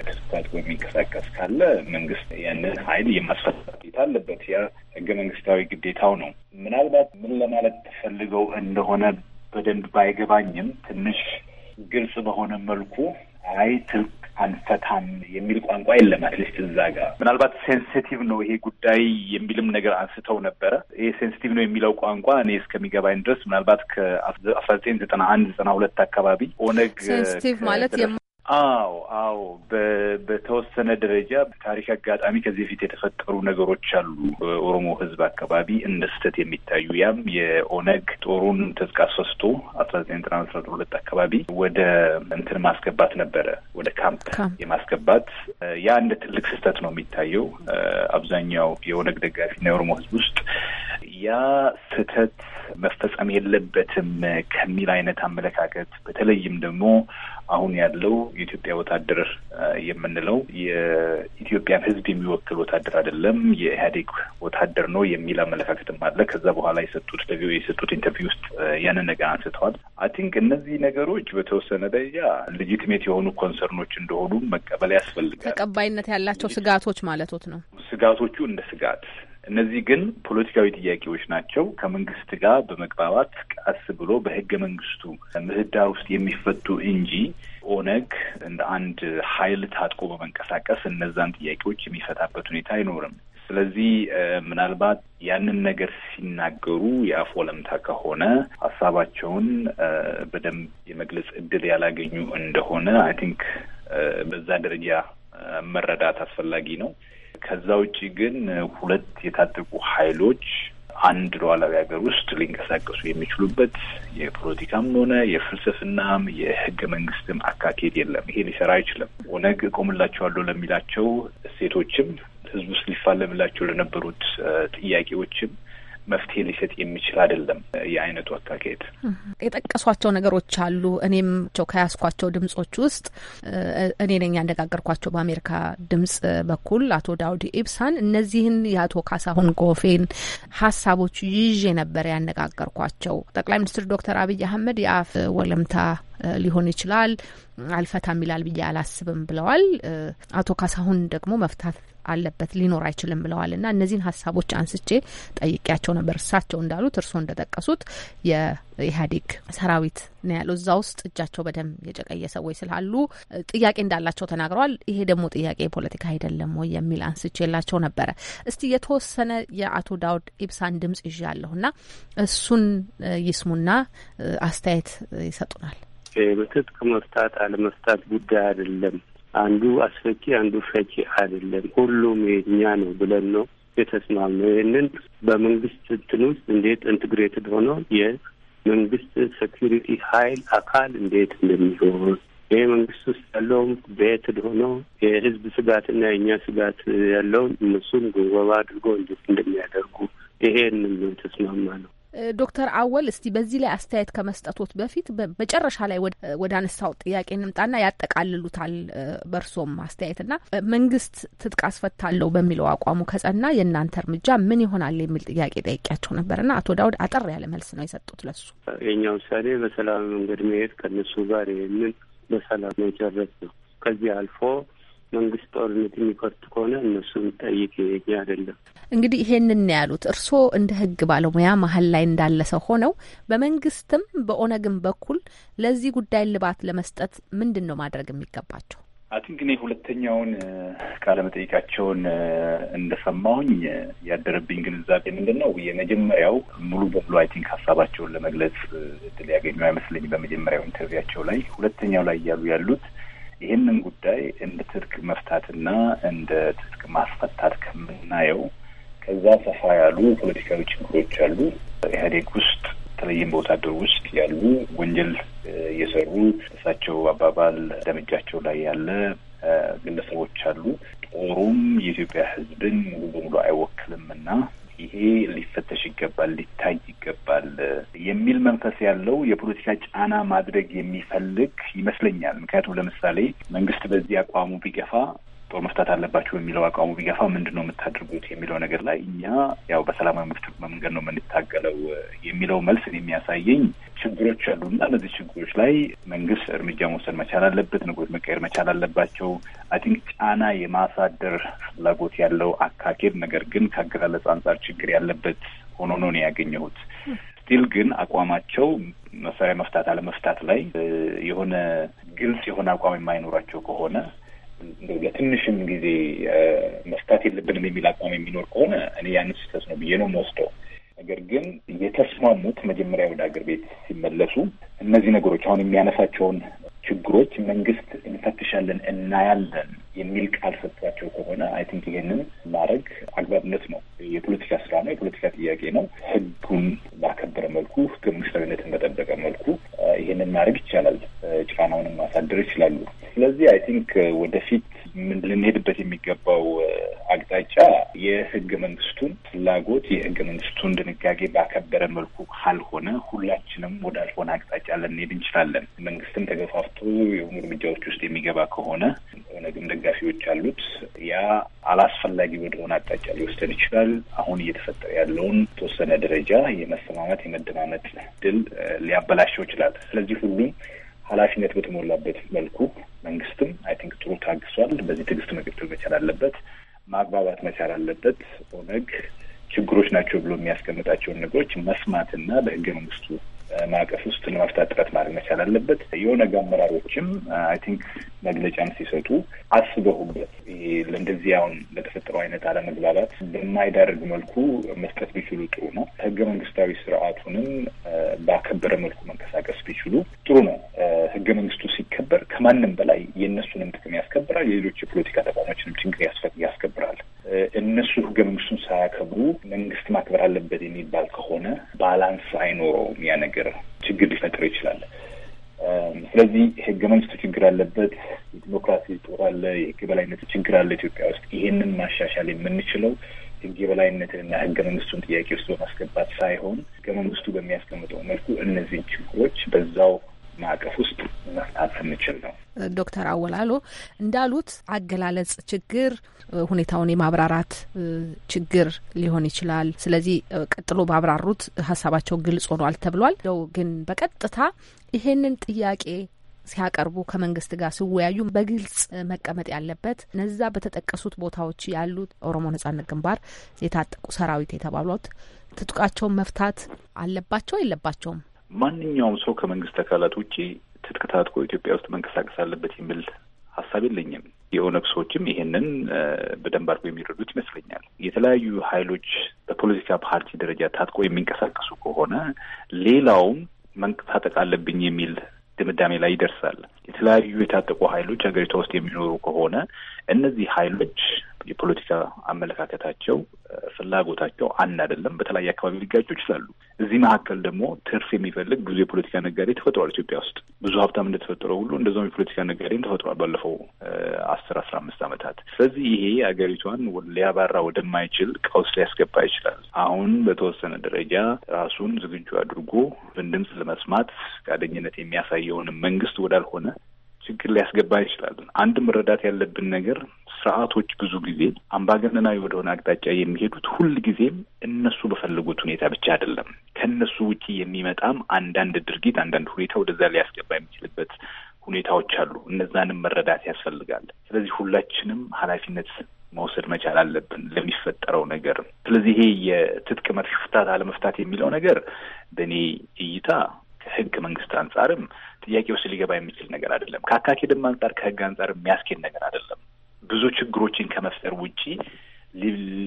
ትጥቅ ታጥቆ የሚንቀሳቀስ ካለ መንግስት ያንን ኃይል የማስፈታት አለበት ያ ህገ መንግስታዊ ግዴታው ነው። ምናልባት ምን ለማለት ተፈልገው እንደሆነ በደንብ ባይገባኝም ትንሽ ግልጽ በሆነ መልኩ አይ ትልቅ አንፈታም የሚል ቋንቋ የለም። አትሊስት እዛ ጋር ምናልባት ሴንሲቲቭ ነው ይሄ ጉዳይ የሚልም ነገር አንስተው ነበረ። ይሄ ሴንስቲቭ ነው የሚለው ቋንቋ እኔ እስከሚገባኝ ድረስ ምናልባት ከአስራ ዘጠኝ ዘጠና አንድ ዘጠና ሁለት አካባቢ ኦነግ ሴንስቲቭ ማለት አዎ አዎ፣ በተወሰነ ደረጃ በታሪክ አጋጣሚ ከዚህ በፊት የተፈጠሩ ነገሮች አሉ። በኦሮሞ ህዝብ አካባቢ እንደ ስህተት የሚታዩ ያም የኦነግ ጦሩን ትጥቅ አስፈስቶ አስራ ዘጠኝ ዘጠና አስራ ሁለት አካባቢ ወደ እንትን ማስገባት ነበረ፣ ወደ ካምፕ የማስገባት ያ እንደ ትልቅ ስህተት ነው የሚታየው አብዛኛው የኦነግ ደጋፊና የኦሮሞ ህዝብ ውስጥ ያ ስህተት መፈጸም የለበትም ከሚል አይነት አመለካከት በተለይም ደግሞ አሁን ያለው የኢትዮጵያ ወታደር የምንለው የኢትዮጵያን ሕዝብ የሚወክል ወታደር አይደለም፣ የኢህአዴግ ወታደር ነው የሚል አመለካከትም አለ። ከዛ በኋላ የሰጡት ለቪኦኤ የሰጡት ኢንተርቪው ውስጥ ያንን ነገር አንስተዋል። አይ ቲንክ እነዚህ ነገሮች በተወሰነ ደረጃ ሌጂትሜት የሆኑ ኮንሰርኖች እንደሆኑ መቀበል ያስፈልጋል። ተቀባይነት ያላቸው ስጋቶች ማለቶት ነው። ስጋቶቹ እንደ ስጋት እነዚህ ግን ፖለቲካዊ ጥያቄዎች ናቸው። ከመንግስት ጋር በመግባባት ቀስ ብሎ በህገ መንግስቱ ምህዳር ውስጥ የሚፈቱ እንጂ ኦነግ እንደ አንድ ኃይል ታጥቆ በመንቀሳቀስ እነዛን ጥያቄዎች የሚፈታበት ሁኔታ አይኖርም። ስለዚህ ምናልባት ያንን ነገር ሲናገሩ የአፎ ለምታ ከሆነ ሀሳባቸውን በደንብ የመግለጽ እድል ያላገኙ እንደሆነ አይ ቲንክ በዛ ደረጃ መረዳት አስፈላጊ ነው። ከዛ ውጭ ግን ሁለት የታጠቁ ኃይሎች አንድ ሉዓላዊ ሀገር ውስጥ ሊንቀሳቀሱ የሚችሉበት የፖለቲካም ሆነ የፍልስፍናም የህገ መንግስትም አካሄድ የለም። ይሄ ሊሰራ አይችልም። ኦነግ እቆምላቸዋለሁ ለሚላቸው እሴቶችም ህዝብ ውስጥ ሊፋለምላቸው ለነበሩት ጥያቄዎችም መፍትሄ ሊሰጥ የሚችል አይደለም የአይነቱ አካሄድ። የጠቀሷቸው ነገሮች አሉ። እኔም ከያስኳቸው ድምጾች ውስጥ እኔ ነኝ ያነጋገርኳቸው በአሜሪካ ድምጽ በኩል አቶ ዳውድ ኢብሳን እነዚህን የአቶ ካሳሁን ጎፌን ሀሳቦች ይዤ ነበር ያነጋገርኳቸው። ጠቅላይ ሚኒስትር ዶክተር አብይ አህመድ የአፍ ወለምታ ሊሆን ይችላል አልፈታም ይላል ብዬ አላስብም ብለዋል። አቶ ካሳሁን ደግሞ መፍታት አለበት ሊኖር አይችልም ብለዋል። እና እነዚህን ሀሳቦች አንስቼ ጠይቂያቸው ነበር። እሳቸው እንዳሉት እርስዎ እንደጠቀሱት የኢህአዴግ ሰራዊት ነው ያለው። እዛ ውስጥ እጃቸው በደም የጨቀየ ሰዎች ስላሉ ጥያቄ እንዳላቸው ተናግረዋል። ይሄ ደግሞ ጥያቄ የፖለቲካ አይደለም ወይ የሚል አንስቼላቸው ነበረ። እስቲ የተወሰነ የአቶ ዳውድ ኢብሳን ድምጽ ይዣለሁ እና እሱን ይስሙና አስተያየት ይሰጡናል። በትጥቅ መፍታት አለመፍታት ጉዳይ አይደለም አንዱ አስፈቺ አንዱ ፈቺ አይደለም፣ ሁሉም የኛ ነው ብለን ነው የተስማምነው። ይህንን በመንግስት እንትን ውስጥ እንዴት ኢንትግሬትድ ሆኖ የመንግስት ሴኪሪቲ ሀይል አካል እንዴት እንደሚሆን ይህ መንግስት ውስጥ ያለውም ቤትድ ሆኖ የህዝብ ስጋትና የእኛ ስጋት ያለውን እነሱን ጉንጎባ አድርጎ እንዴት እንደሚያደርጉ ይሄንን ነው የተስማማ ነው። ዶክተር አወል እስቲ በዚህ ላይ አስተያየት ከመስጠቶት በፊት መጨረሻ ላይ ወደ አነሳው ጥያቄ እንምጣና ያጠቃልሉታል። በእርሶም አስተያየትና መንግስት ትጥቅ አስፈታለሁ በሚለው አቋሙ ከጸና የእናንተ እርምጃ ምን ይሆናል የሚል ጥያቄ ጠይቄያቸው ነበርና አቶ ዳውድ አጠር ያለ መልስ ነው የሰጡት። ለሱ የኛ ውሳኔ በሰላም መንገድ መሄድ ከነሱ ጋር ይህንን በሰላም መጨረስ ነው። ከዚህ አልፎ መንግስት ጦርነት የሚከፍት ከሆነ እነሱን ጠይቅ አይደለም። እንግዲህ ይሄንን ያሉት እርስዎ እንደ ህግ ባለሙያ መሀል ላይ እንዳለ ሰው ሆነው በመንግስትም በኦነግም በኩል ለዚህ ጉዳይ ልባት ለመስጠት ምንድን ነው ማድረግ የሚገባቸው? አይ ቲንክ እኔ ሁለተኛውን ቃለ መጠይቃቸውን እንደሰማሁኝ ያደረብኝ ግንዛቤ ምንድን ነው፣ የመጀመሪያው ሙሉ በሙሉ አይ ቲንክ ሀሳባቸውን ለመግለጽ እድል ያገኙ አይመስለኝ በመጀመሪያው ኢንተርቪያቸው ላይ። ሁለተኛው ላይ እያሉ ያሉት ይህንን ጉዳይ እንደ ትጥቅ መፍታትና እንደ ትጥቅ ማስፈታት ከምናየው ከዛ ሰፋ ያሉ ፖለቲካዊ ችግሮች አሉ። ኢህአዴግ ውስጥ በተለይም በወታደር ውስጥ ያሉ ወንጀል የሰሩ እሳቸው አባባል ደምጃቸው ላይ ያለ ግለሰቦች አሉ። ጦሩም የኢትዮጵያ ሕዝብን ሙሉ በሙሉ አይወክልም እና ይሄ ሊፈተሽ ይገባል፣ ሊታይ ይገባል የሚል መንፈስ ያለው የፖለቲካ ጫና ማድረግ የሚፈልግ ይመስለኛል። ምክንያቱም ለምሳሌ መንግስት በዚህ አቋሙ ቢገፋ ጦር መፍታት አለባቸው የሚለው አቋሙ ቢገፋ ምንድን ነው የምታደርጉት የሚለው ነገር ላይ እኛ ያው በሰላማዊ መፍት መንገድ ነው የምንታገለው የሚለው መልስ የሚያሳየኝ ችግሮች አሉና እነዚህ ችግሮች ላይ መንግስት እርምጃ መውሰድ መቻል አለበት። ነገሮች መቀየር መቻል አለባቸው። አይ ቲንክ ጫና የማሳደር ፍላጎት ያለው አካሄድ ነገር ግን ከአገላለጽ አንጻር ችግር ያለበት ሆኖ ነው ነው ያገኘሁት። ስቲል ግን አቋማቸው መሳሪያ መፍታት አለመፍታት ላይ የሆነ ግልጽ የሆነ አቋም የማይኖራቸው ከሆነ ለትንሽም ጊዜ መፍታት የለብንም የሚል አቋም የሚኖር ከሆነ እኔ ያን ስህተት ነው ብዬ ነው የምወስደው። ነገር ግን የተስማሙት መጀመሪያ ወደ ሀገር ቤት ሲመለሱ እነዚህ ነገሮች አሁን የሚያነሳቸውን ችግሮች መንግስት እንፈትሻለን፣ እናያለን የሚል ቃል ሰጥቷቸው ከሆነ አይ ቲንክ ይሄንን ማድረግ አግባብነት ነው። የፖለቲካ ስራ ነው። የፖለቲካ ጥያቄ ነው። ህጉን ባከበረ መልኩ ህገ መንግስታዊነትን በጠበቀ መልኩ ይሄንን ማድረግ ይቻላል። ጫናውንም ማሳደር ይችላሉ። ስለዚህ አይ ቲንክ uh, ወደፊት ምን ልንሄድበት የሚገባው uh, አቅጣጫ የህገ መንግስቱን ፍላጎት የህገ መንግስቱን ድንጋጌ ባከበረ መልኩ ካልሆነ ሁላችንም ወዳልሆነ አቅጣጫ ልንሄድ እንችላለን። መንግስትም ተገፋፍቶ የሆኑ እርምጃዎች ውስጥ የሚገባ ከሆነ ኦነግም ደጋፊዎች አሉት፣ ያ አላስፈላጊ ወደሆነ አቅጣጫ ሊወስደን ይችላል። አሁን እየተፈጠረ ያለውን ተወሰነ ደረጃ የመሰማማት የመደማመጥ ድል uh, ሊያበላሸው ይችላል። ስለዚህ ሁሉም ኃላፊነት በተሞላበት መልኩ መንግስትም አይ ቲንክ ጥሩ ታግሷል። በዚህ ትዕግስት መቀጠል መቻል አለበት። ማግባባት መቻል አለበት። ኦነግ ችግሮች ናቸው ብሎ የሚያስቀምጣቸውን ነገሮች መስማትና በህገ መንግስቱ ማዕቀፍ ውስጥ ለመፍታት ጥረት ማድረግ መቻል አለበት። የኦነግ አመራሮችም አይ ቲንክ መግለጫን ሲሰጡ አስበውበት ለእንደዚህ አሁን ለተፈጠረው አይነት አለመግባባት በማይዳርግ መልኩ መስጠት ቢችሉ ጥሩ ነው። ህገ መንግስታዊ ስርዓቱንም ባከበረ መልኩ መንቀሳቀስ ቢችሉ ጥሩ ነው። ህገ መንግስቱ ሲከበር ከማንም በላይ የእነሱንም ጥቅም ያስከብራል፣ የሌሎች የፖለቲካ ተቋሞችንም ችግር ያስከብራል። እነሱ ህገ መንግስቱን ሳያከብሩ መንግስት ማክበር አለበት የሚባል ከሆነ ባላንስ አይኖረውም። ያ ነገር ችግር ሊፈጥር ይችላል። ስለዚህ ህገ መንግስቱ ችግር አለበት። የዲሞክራሲ ጦር አለ። የህግ የበላይነት ችግር አለ ኢትዮጵያ ውስጥ። ይሄንን ማሻሻል የምንችለው ህግ የበላይነትንና ህገ መንግስቱን ጥያቄ ውስጥ በማስገባት ሳይሆን ህገ መንግስቱ በሚያስቀምጠው መልኩ እነዚህን ችግሮች በዛው ማዕቀፍ ውስጥ መፍታት ስንችል ነው። ዶክተር አወላሎ እንዳሉት አገላለጽ ችግር፣ ሁኔታውን የማብራራት ችግር ሊሆን ይችላል። ስለዚህ ቀጥሎ ባብራሩት ሀሳባቸው ግልጽ ሆኗል ተብሏል። ው ግን በቀጥታ ይሄንን ጥያቄ ሲያቀርቡ ከመንግስት ጋር ሲወያዩ በግልጽ መቀመጥ ያለበት እነዛ በተጠቀሱት ቦታዎች ያሉት ኦሮሞ ነጻነት ግንባር የታጠቁ ሰራዊት የተባሉት ትጥቃቸውን መፍታት አለባቸው የለባቸውም ማንኛውም ሰው ከመንግስት አካላት ውጪ ትጥቅ ታጥቆ ኢትዮጵያ ውስጥ መንቀሳቀስ አለበት የሚል ሀሳብ የለኝም። የኦነግ ሰዎችም ይሄንን በደንብ አድርጎ የሚረዱት ይመስለኛል። የተለያዩ ሀይሎች በፖለቲካ ፓርቲ ደረጃ ታጥቆ የሚንቀሳቀሱ ከሆነ ሌላውም መንቀሳቀስ አለብኝ የሚል ድምዳሜ ላይ ይደርሳል። የተለያዩ የታጠቁ ሀይሎች ሀገሪቷ ውስጥ የሚኖሩ ከሆነ እነዚህ ሀይሎች የፖለቲካ አመለካከታቸው፣ ፍላጎታቸው አንድ አይደለም። በተለያየ አካባቢ ሊጋጩ ይችላሉ። እዚህ መካከል ደግሞ ትርፍ የሚፈልግ ብዙ የፖለቲካ ነጋዴ ተፈጥሯል። ኢትዮጵያ ውስጥ ብዙ ሀብታም እንደተፈጠረው ሁሉ እንደዚም የፖለቲካ ነጋዴም ተፈጥሯል ባለፈው አስር አስራ አምስት ዓመታት። ስለዚህ ይሄ አገሪቷን ሊያባራ ወደማይችል ቀውስ ሊያስገባ ይችላል። አሁን በተወሰነ ደረጃ ራሱን ዝግጁ አድርጎ ድምፅ ለመስማት ፈቃደኝነት የሚያሳየውን መንግስት ወዳልሆነ ችግር ሊያስገባ ይችላል። አንድ መረዳት ያለብን ነገር ስርዓቶች ብዙ ጊዜ አምባገነናዊ ወደሆነ አቅጣጫ የሚሄዱት ሁል ጊዜም እነሱ በፈለጉት ሁኔታ ብቻ አይደለም። ከእነሱ ውጪ የሚመጣም አንዳንድ ድርጊት፣ አንዳንድ ሁኔታ ወደዛ ሊያስገባ የሚችልበት ሁኔታዎች አሉ። እነዛንም መረዳት ያስፈልጋል። ስለዚህ ሁላችንም ኃላፊነት መውሰድ መቻል አለብን ለሚፈጠረው ነገር። ስለዚህ ይሄ የትጥቅ መፍታት አለመፍታት የሚለው ነገር በእኔ እይታ ህግ መንግስት አንጻርም ጥያቄ ውስጥ ሊገባ የሚችል ነገር አይደለም። ከአካኬድም አንጻር ከህግ አንጻር የሚያስኬድ ነገር አይደለም። ብዙ ችግሮችን ከመፍጠር ውጪ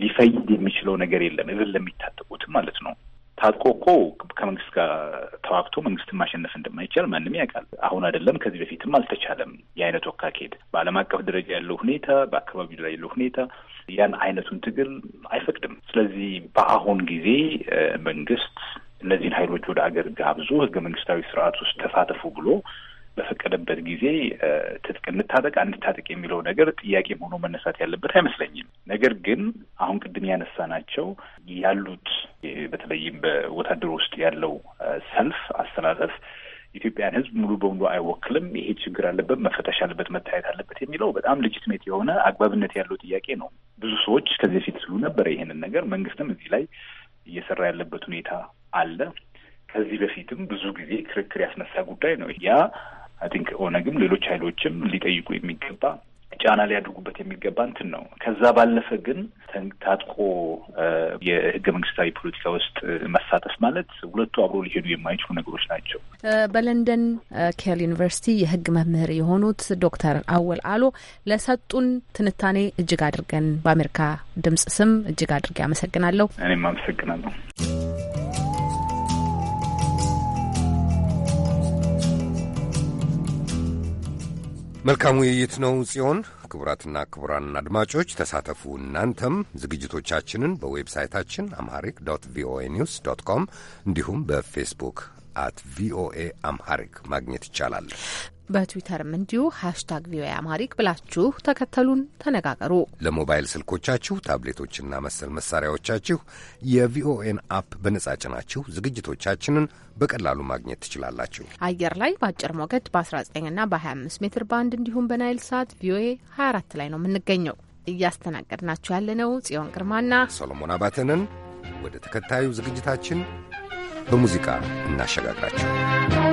ሊፈይድ የሚችለው ነገር የለም። እብን ለሚታጠቁትም ማለት ነው። ታጥቆ እኮ ከመንግስት ጋር ተዋግቶ መንግስትን ማሸነፍ እንደማይቻል ማንም ያውቃል። አሁን አይደለም ከዚህ በፊትም አልተቻለም። የአይነቱ አካሄድ በዓለም አቀፍ ደረጃ ያለው ሁኔታ፣ በአካባቢ ላይ ያለው ሁኔታ ያን አይነቱን ትግል አይፈቅድም። ስለዚህ በአሁን ጊዜ መንግስት እነዚህን ሀይሎች ወደ አገር ጋብዞ ህገ መንግስታዊ ስርዓት ውስጥ ተሳተፉ ብሎ በፈቀደበት ጊዜ ትጥቅ እንታጠቅ አንታጠቅ የሚለው ነገር ጥያቄ ሆኖ መነሳት ያለበት አይመስለኝም። ነገር ግን አሁን ቅድም ያነሳ ናቸው ያሉት በተለይም በወታደር ውስጥ ያለው ሰልፍ አስተላለፍ ኢትዮጵያን ህዝብ ሙሉ በሙሉ አይወክልም። ይሄ ችግር አለበት፣ መፈተሽ አለበት፣ መታየት አለበት የሚለው በጣም ልጅትሜት የሆነ አግባብነት ያለው ጥያቄ ነው። ብዙ ሰዎች ከዚህ በፊት ስሉ ነበረ ይሄንን ነገር መንግስትም እዚህ ላይ እየሰራ ያለበት ሁኔታ አለ። ከዚህ በፊትም ብዙ ጊዜ ክርክር ያስነሳ ጉዳይ ነው። ያ አይ ኦነግም ሌሎች ኃይሎችም ሊጠይቁ የሚገባ ጫና ሊያደርጉበት የሚገባ እንትን ነው። ከዛ ባለፈ ግን ታጥቆ የህገ መንግስታዊ ፖለቲካ ውስጥ መሳተፍ ማለት ሁለቱ አብሮ ሊሄዱ የማይችሉ ነገሮች ናቸው። በለንደን ኬል ዩኒቨርሲቲ የህግ መምህር የሆኑት ዶክተር አወል አሎ ለሰጡን ትንታኔ እጅግ አድርገን በአሜሪካ ድምጽ ስም እጅግ አድርጌ አመሰግናለሁ። እኔም አመሰግናለሁ። መልካም ውይይት ነው ጽዮን። ክቡራትና ክቡራን አድማጮች ተሳተፉ። እናንተም ዝግጅቶቻችንን በዌብሳይታችን አምሃሪክ ዶት ቪኦኤ ኒውስ ዶት ኮም እንዲሁም በፌስቡክ አት ቪኦኤ አምሃሪክ ማግኘት ይቻላል። በትዊተርም እንዲሁ ሀሽታግ ቪኦኤ አማሪክ ብላችሁ ተከተሉን፣ ተነጋገሩ። ለሞባይል ስልኮቻችሁ ታብሌቶችና መሰል መሳሪያዎቻችሁ የቪኦኤን አፕ በነጻ ጭናችሁ ዝግጅቶቻችንን በቀላሉ ማግኘት ትችላላችሁ። አየር ላይ በአጭር ሞገድ በ19ና በ25 ሜትር ባንድ እንዲሁም በናይል ሳት ቪኦኤ 24 ላይ ነው የምንገኘው። እያስተናገድናችሁ ያለነው ጽዮን ግርማና ሶሎሞን አባተንን። ወደ ተከታዩ ዝግጅታችን በሙዚቃ እናሸጋግራችሁ።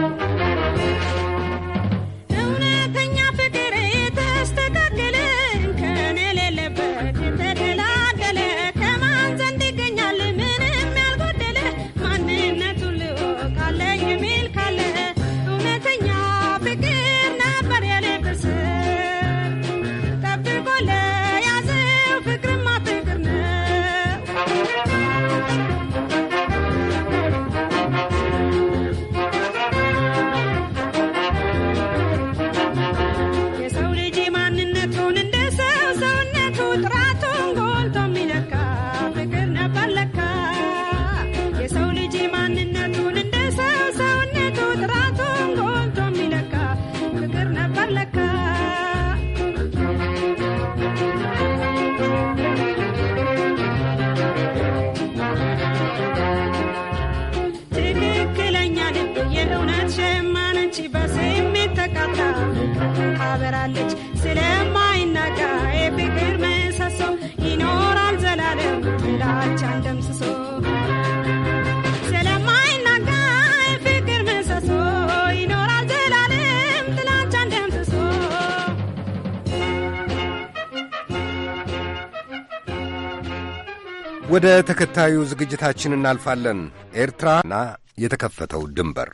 ተከታዩ ዝግጅታችን እናልፋለን። ኤርትራና የተከፈተው ድንበር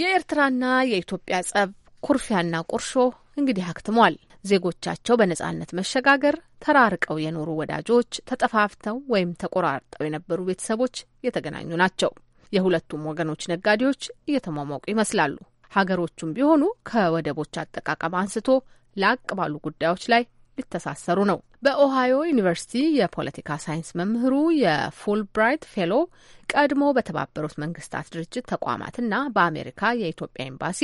የኤርትራና የኢትዮጵያ ጸብ፣ ኩርፊያና ቁርሾ እንግዲህ አክትሟል። ዜጎቻቸው በነጻነት መሸጋገር፣ ተራርቀው የኖሩ ወዳጆች፣ ተጠፋፍተው ወይም ተቆራርጠው የነበሩ ቤተሰቦች የተገናኙ ናቸው። የሁለቱም ወገኖች ነጋዴዎች እየተሟሟቁ ይመስላሉ። ሀገሮቹም ቢሆኑ ከወደቦች አጠቃቀም አንስቶ ላቅ ባሉ ጉዳዮች ላይ ሊተሳሰሩ ነው። በኦሃዮ ዩኒቨርሲቲ የፖለቲካ ሳይንስ መምህሩ የፉልብራይት ፌሎ ቀድሞ በተባበሩት መንግስታት ድርጅት ተቋማትና በአሜሪካ የኢትዮጵያ ኤምባሲ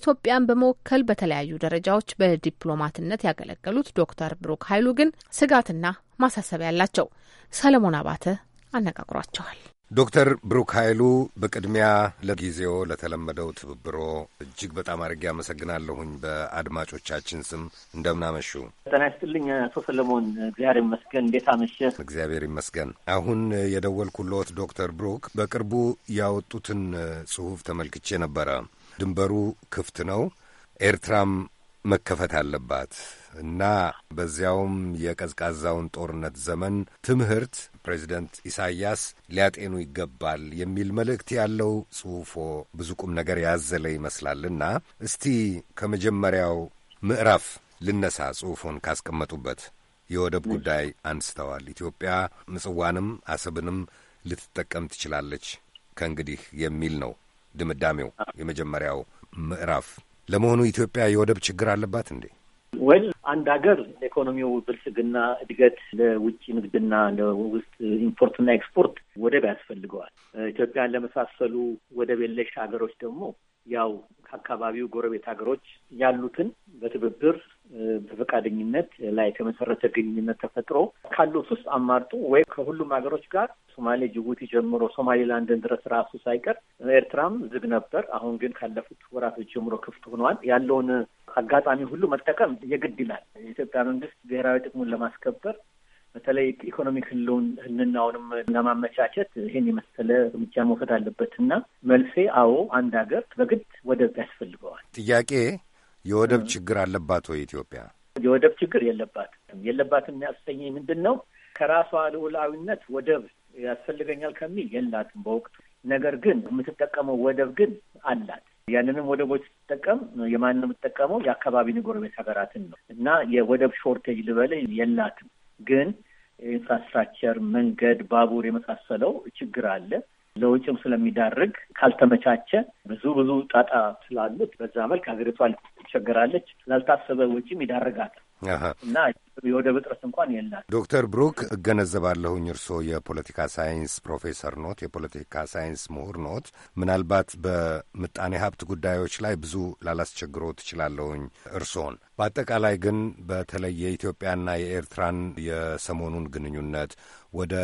ኢትዮጵያን በመወከል በተለያዩ ደረጃዎች በዲፕሎማትነት ያገለገሉት ዶክተር ብሩክ ኃይሉ ግን ስጋትና ማሳሰቢያ ያላቸው ሰለሞን አባተ አነጋግሯቸዋል። ዶክተር ብሩክ ኃይሉ በቅድሚያ ለጊዜው ለተለመደው ትብብሮ እጅግ በጣም አድርጌ አመሰግናለሁኝ። በአድማጮቻችን ስም እንደምናመሹ ጤና ይስጥልኝ። አቶ ሰለሞን እግዚአብሔር ይመስገን። እንዴት አመሸ? እግዚአብሔር ይመስገን። አሁን የደወልኩልዎት ዶክተር ብሩክ በቅርቡ ያወጡትን ጽሑፍ ተመልክቼ ነበረ። ድንበሩ ክፍት ነው፣ ኤርትራም መከፈት አለባት እና በዚያውም የቀዝቃዛውን ጦርነት ዘመን ትምህርት ፕሬዚደንት ኢሳያስ ሊያጤኑ ይገባል የሚል መልእክት ያለው ጽሑፎ ብዙ ቁም ነገር ያዘለ ይመስላልና እስቲ ከመጀመሪያው ምዕራፍ ልነሳ። ጽሑፎን ካስቀመጡበት የወደብ ጉዳይ አንስተዋል። ኢትዮጵያ ምጽዋንም አሰብንም ልትጠቀም ትችላለች ከእንግዲህ የሚል ነው ድምዳሜው፣ የመጀመሪያው ምዕራፍ። ለመሆኑ ኢትዮጵያ የወደብ ችግር አለባት እንዴ? ወል አንድ ሀገር ኢኮኖሚው ብልጽግና እድገት ለውጭ ንግድና ለውስጥ ኢምፖርትና ኤክስፖርት ወደብ ያስፈልገዋል። ኢትዮጵያን ለመሳሰሉ ወደብ የለሽ ሀገሮች ደግሞ ያው ከአካባቢው ጎረቤት ሀገሮች ያሉትን በትብብር በፈቃደኝነት ላይ የተመሰረተ ግንኙነት ተፈጥሮ ካሉት ውስጥ አማርጡ ወይም ከሁሉም ሀገሮች ጋር ሶማሌ፣ ጅቡቲ ጀምሮ ሶማሌላንድን ድረስ ራሱ ሳይቀር ኤርትራም ዝግ ነበር። አሁን ግን ካለፉት ወራቶች ጀምሮ ክፍት ሆኗል። ያለውን አጋጣሚ ሁሉ መጠቀም የግድ ይላል። የኢትዮጵያ መንግስት ብሔራዊ ጥቅሙን ለማስከበር በተለይ ኢኮኖሚክ ህልውን ህንናውንም ለማመቻቸት ይህን የመሰለ እርምጃ መውሰድ አለበት እና መልሴ አዎ፣ አንድ ሀገር በግድ ወደብ ያስፈልገዋል። ጥያቄ የወደብ ችግር አለባት ወይ ኢትዮጵያ? የወደብ ችግር የለባትም። የለባትም የሚያሰኘኝ ምንድን ነው? ከራሷ ልዑላዊነት ወደብ ያስፈልገኛል ከሚል የላትም በወቅቱ። ነገር ግን የምትጠቀመው ወደብ ግን አላት። ያንንም ወደቦች ስትጠቀም የማን ነው የምትጠቀመው? የአካባቢን የጎረቤት ሀገራትን ነው እና የወደብ ሾርቴጅ ልበለ የላትም። ግን ኢንፍራስትራክቸር፣ መንገድ፣ ባቡር የመሳሰለው ችግር አለ። ለውጭም ስለሚዳርግ ካልተመቻቸ ብዙ ብዙ ጣጣ ስላሉት በዛ መልክ ሀገሪቷ ትቸገራለች፣ ላልታሰበ ወጪም ይዳርጋል። እና የወደብ እጥረት እንኳን የላት። ዶክተር ብሩክ እገነዘባለሁኝ እርስዎ የፖለቲካ ሳይንስ ፕሮፌሰር ኖት፣ የፖለቲካ ሳይንስ ምሁር ኖት። ምናልባት በምጣኔ ሀብት ጉዳዮች ላይ ብዙ ላላስቸግሮ ትችላለሁኝ እርስዎን። በአጠቃላይ ግን በተለይ የኢትዮጵያና የኤርትራን የሰሞኑን ግንኙነት ወደ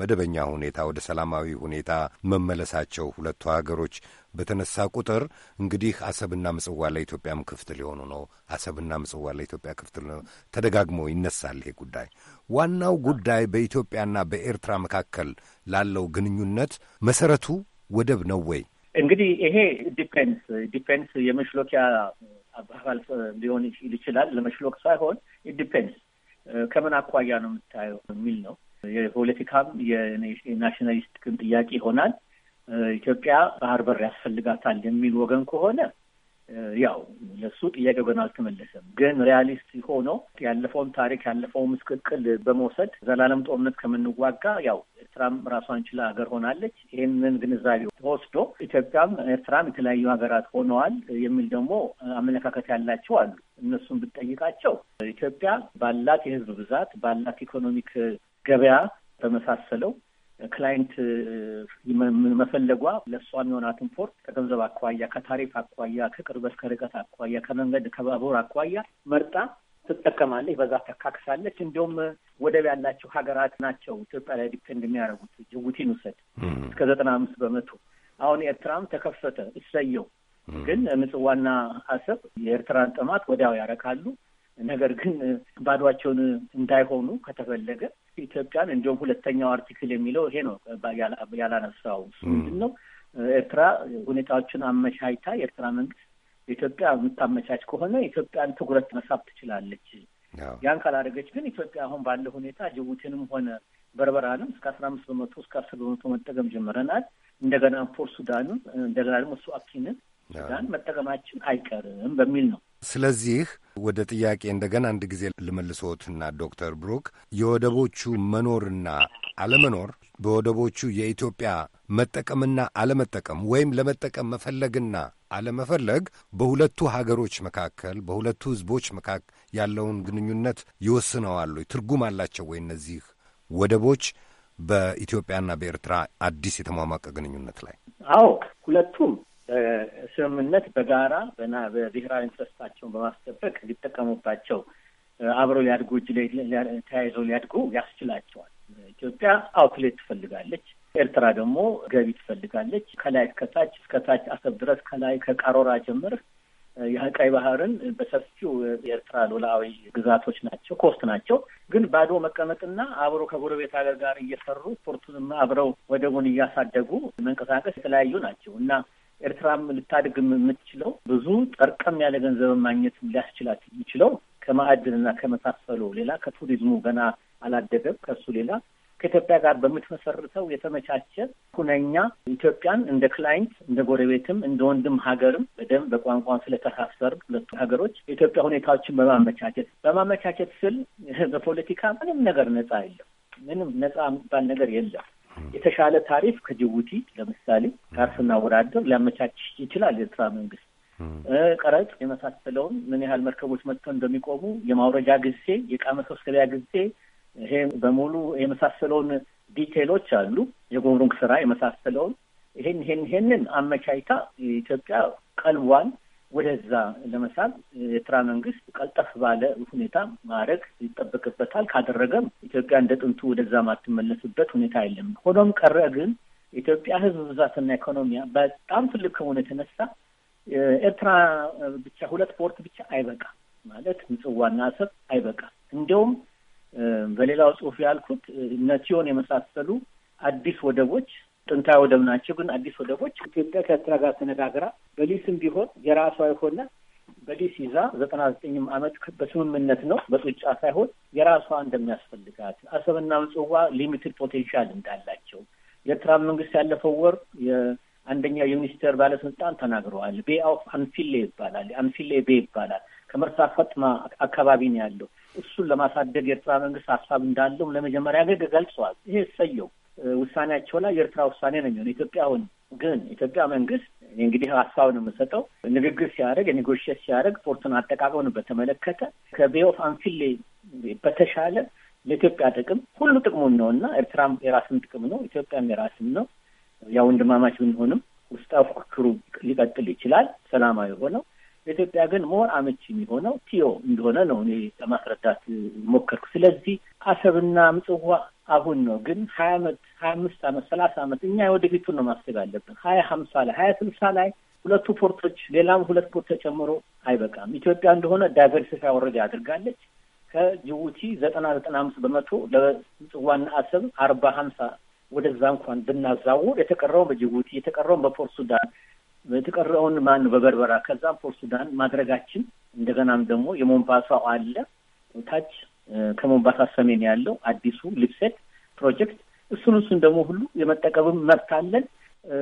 መደበኛ ሁኔታ ወደ ሰላማዊ ሁኔታ መመለሳቸው ሁለቱ ሀገሮች በተነሳ ቁጥር እንግዲህ አሰብና ምጽዋ ለኢትዮጵያም ክፍት ሊሆኑ ነው። አሰብና ምጽዋ ለኢትዮጵያ ክፍት ተደጋግሞ ይነሳል ይሄ ጉዳይ። ዋናው ጉዳይ በኢትዮጵያና በኤርትራ መካከል ላለው ግንኙነት መሰረቱ ወደብ ነው ወይ? እንግዲህ ይሄ ዲፌንስ ዲፌንስ የመሽሎኪያ አባባል ሊሆን ይችላል። ለመሽሎክ ሳይሆን ዲፌንስ ከምን አኳያ ነው የምታየው የሚል ነው። የፖለቲካም የናሽናሊስት ጥያቄ ይሆናል። ኢትዮጵያ ባህር በር ያስፈልጋታል የሚል ወገን ከሆነ ያው ለሱ ጥያቄው ገና አልተመለሰም። ግን ሪያሊስት ሆኖ ያለፈውን ታሪክ ያለፈውን ምስቅልቅል በመውሰድ ዘላለም ጦርነት ከምንዋጋ ያው ኤርትራም ራሷን ችላ ሀገር ሆናለች። ይህንን ግንዛቤ ወስዶ ኢትዮጵያም ኤርትራም የተለያዩ ሀገራት ሆነዋል የሚል ደግሞ አመለካከት ያላቸው አሉ። እነሱን ብጠይቃቸው ኢትዮጵያ ባላት የህዝብ ብዛት ባላት ኢኮኖሚክ ገበያ በመሳሰለው ክላይንት መፈለጓ ለእሷ የሚሆናትን ፖርት ከገንዘብ አኳያ፣ ከታሪፍ አኳያ፣ ከቅርበት ከርቀት አኳያ፣ ከመንገድ ከባቡር አኳያ መርጣ ትጠቀማለች። በዛ ተካክሳለች። እንዲሁም ወደብ ያላቸው ሀገራት ናቸው ኢትዮጵያ ላይ ዲፔንድ የሚያደርጉት። ጅቡቲን ውሰድ እስከ ዘጠና አምስት በመቶ አሁን ኤርትራም ተከፈተ እሰየው። ግን ምጽዋና አሰብ የኤርትራን ጥማት ወዲያው ያረካሉ። ነገር ግን ባዷቸውን እንዳይሆኑ ከተፈለገ ኢትዮጵያን እንዲሁም ሁለተኛው አርቲክል የሚለው ይሄ ነው። ያላነሳው ምንድን ነው? ኤርትራ ሁኔታዎችን አመቻችታ የኤርትራ መንግስት ኢትዮጵያ የምታመቻች ከሆነ ኢትዮጵያን ትኩረት መሳብ ትችላለች። ያን ካላደረገች ግን ኢትዮጵያ አሁን ባለ ሁኔታ ጅቡቲንም ሆነ በርበራንም እስከ አስራ አምስት በመቶ እስከ አስር በመቶ መጠቀም ጀምረናል። እንደገና ፖር ሱዳንም እንደገና ደግሞ እሱ አኪንን ሱዳን መጠቀማችን አይቀርም በሚል ነው። ስለዚህ ወደ ጥያቄ እንደገና አንድ ጊዜ ልመልሶትና ዶክተር ብሩክ የወደቦቹ መኖርና አለመኖር በወደቦቹ የኢትዮጵያ መጠቀምና አለመጠቀም ወይም ለመጠቀም መፈለግና አለመፈለግ በሁለቱ ሀገሮች መካከል በሁለቱ ሕዝቦች መካከል ያለውን ግንኙነት ይወስነዋሉ። ትርጉም አላቸው ወይ እነዚህ ወደቦች በኢትዮጵያና በኤርትራ አዲስ የተሟሟቀ ግንኙነት ላይ? አዎ ሁለቱም ስምምነት በጋራ በና በብሔራዊ ኢንትረስታቸውን በማስጠበቅ ሊጠቀሙባቸው አብረው ሊያድጉ እጅ ተያይዘው ሊያድጉ ያስችላቸዋል። ኢትዮጵያ አውትሌት ትፈልጋለች። ኤርትራ ደግሞ ገቢ ትፈልጋለች። ከላይ እስከታች እስከታች አሰብ ድረስ ከላይ ከቃሮራ ጀምር የቀይ ባህርን በሰፊው የኤርትራ ሉዓላዊ ግዛቶች ናቸው፣ ኮስት ናቸው። ግን ባዶ መቀመጥና አብሮ ከጎረቤት ሀገር ጋር እየሰሩ ፖርቱንም አብረው ወደቡን እያሳደጉ መንቀሳቀስ የተለያዩ ናቸው እና ኤርትራም ልታድግ የምትችለው ብዙ ጠርቀም ያለ ገንዘብ ማግኘት ሊያስችላት የሚችለው ከማዕድንና ከመሳሰሉ ሌላ ከቱሪዝሙ ገና አላደገም። ከሱ ሌላ ከኢትዮጵያ ጋር በምትመሰርተው የተመቻቸ ሁነኛ ኢትዮጵያን እንደ ክላይንት እንደ ጎረቤትም እንደ ወንድም ሀገርም በደንብ በቋንቋ ስለተሳሰር ሁለቱ ሀገሮች የኢትዮጵያ ሁኔታዎችን በማመቻቸት በማመቻቸት ስል በፖለቲካ ምንም ነገር ነጻ የለም። ምንም ነጻ የሚባል ነገር የለም። የተሻለ ታሪፍ ከጅቡቲ ለምሳሌ ጋር ስናወዳደር ሊያመቻች ይችላል የኤርትራ መንግስት። ቀረጥ የመሳሰለውን ምን ያህል መርከቦች መጥተው እንደሚቆሙ የማውረጃ ጊዜ፣ የእቃ መሰብሰቢያ ጊዜ፣ ይሄ በሙሉ የመሳሰለውን ዲቴሎች አሉ። የጉምሩክ ስራ የመሳሰለውን ይሄን ይሄን ይሄንን አመቻይታ ኢትዮጵያ ቀልቧን ወደዛ ለመሳብ የኤርትራ መንግስት ቀልጠፍ ባለ ሁኔታ ማድረግ ይጠበቅበታል። ካደረገም ኢትዮጵያ እንደ ጥንቱ ወደዛ ማትመለስበት ሁኔታ የለም። ሆኖም ቀረ ግን የኢትዮጵያ ሕዝብ ብዛትና ኢኮኖሚያ በጣም ትልቅ ከሆነ የተነሳ ኤርትራ ብቻ ሁለት ፖርት ብቻ አይበቃ ማለት ምጽዋና አሰብ አይበቃ። እንዲሁም በሌላው ጽሁፍ ያልኩት ነቲዮን የመሳሰሉ አዲስ ወደቦች ጥንታዊ ወደብ ናቸው። ግን አዲስ ወደቦች ኢትዮጵያ ከኤርትራ ጋር ተነጋግራ በሊስም ቢሆን የራሷ የሆነ በሊስ ይዛ ዘጠና ዘጠኝም ዓመት በስምምነት ነው በጡጫ ሳይሆን የራሷ እንደሚያስፈልጋት አሰብና ምጽዋ ሊሚትድ ፖቴንሻል እንዳላቸው የኤርትራ መንግስት ያለፈው ወር የአንደኛው የሚኒስቴር ባለስልጣን ተናግረዋል። ቤ ኦፍ አንፊሌ ይባላል። አንፊሌ ቤ ይባላል። ከመርሳ ፈጥማ አካባቢ ነው ያለው። እሱን ለማሳደግ የኤርትራ መንግስት ሀሳብ እንዳለውም ለመጀመሪያ ገግ ገልጸዋል። ይሄ ሰየው ውሳኔያቸው ላይ የኤርትራ ውሳኔ ነው የሚሆነው። ኢትዮጵያ አሁን ግን ኢትዮጵያ መንግስት እንግዲህ ሀሳብ ነው የምሰጠው ንግግር ሲያደርግ የኔጎሽት ሲያደርግ ፖርቱን አጠቃቀሙን በተመለከተ ከቤይ ኦፍ አንፊሌ በተሻለ ለኢትዮጵያ ጥቅም ሁሉ ጥቅሙን ነው እና ኤርትራም የራስም ጥቅም ነው፣ ኢትዮጵያም የራስም ነው። ያው ወንድማማች ብንሆንም ውስጣዊ ፉክክሩ ሊቀጥል ይችላል። ሰላማዊ ሆነው ለኢትዮጵያ ግን መሆን አመቺ የሚሆነው ቲዮ እንደሆነ ነው እኔ ለማስረዳት ሞከርኩ። ስለዚህ አሰብና ምጽዋ አሁን ነው ግን ሀያ አመት ሀያ አምስት አመት ሰላሳ አመት እኛ ወደፊቱን ነው ማስብ ያለብን። ሀያ ሀምሳ ላይ ሀያ ስልሳ ላይ ሁለቱ ፖርቶች ሌላም ሁለት ፖርት ተጨምሮ አይበቃም። ኢትዮጵያ እንደሆነ ዳይቨርሲፋይ ወረዳ አድርጋለች። ከጅቡቲ ዘጠና ዘጠና አምስት በመቶ ለምጽዋና አሰብ አርባ ሀምሳ ወደዛ እንኳን ብናዛውር የተቀረውን በጅቡቲ የተቀረውን በፖርት ሱዳን የተቀረውን ማን በበርበራ ከዛም ፖርት ሱዳን ማድረጋችን እንደገናም ደግሞ የሞንባሳ አለ ታች ከሞንባሳ ሰሜን ያለው አዲሱ ሊፕሴት ፕሮጀክት እሱን እሱን ደግሞ ሁሉ የመጠቀምም መብት አለን።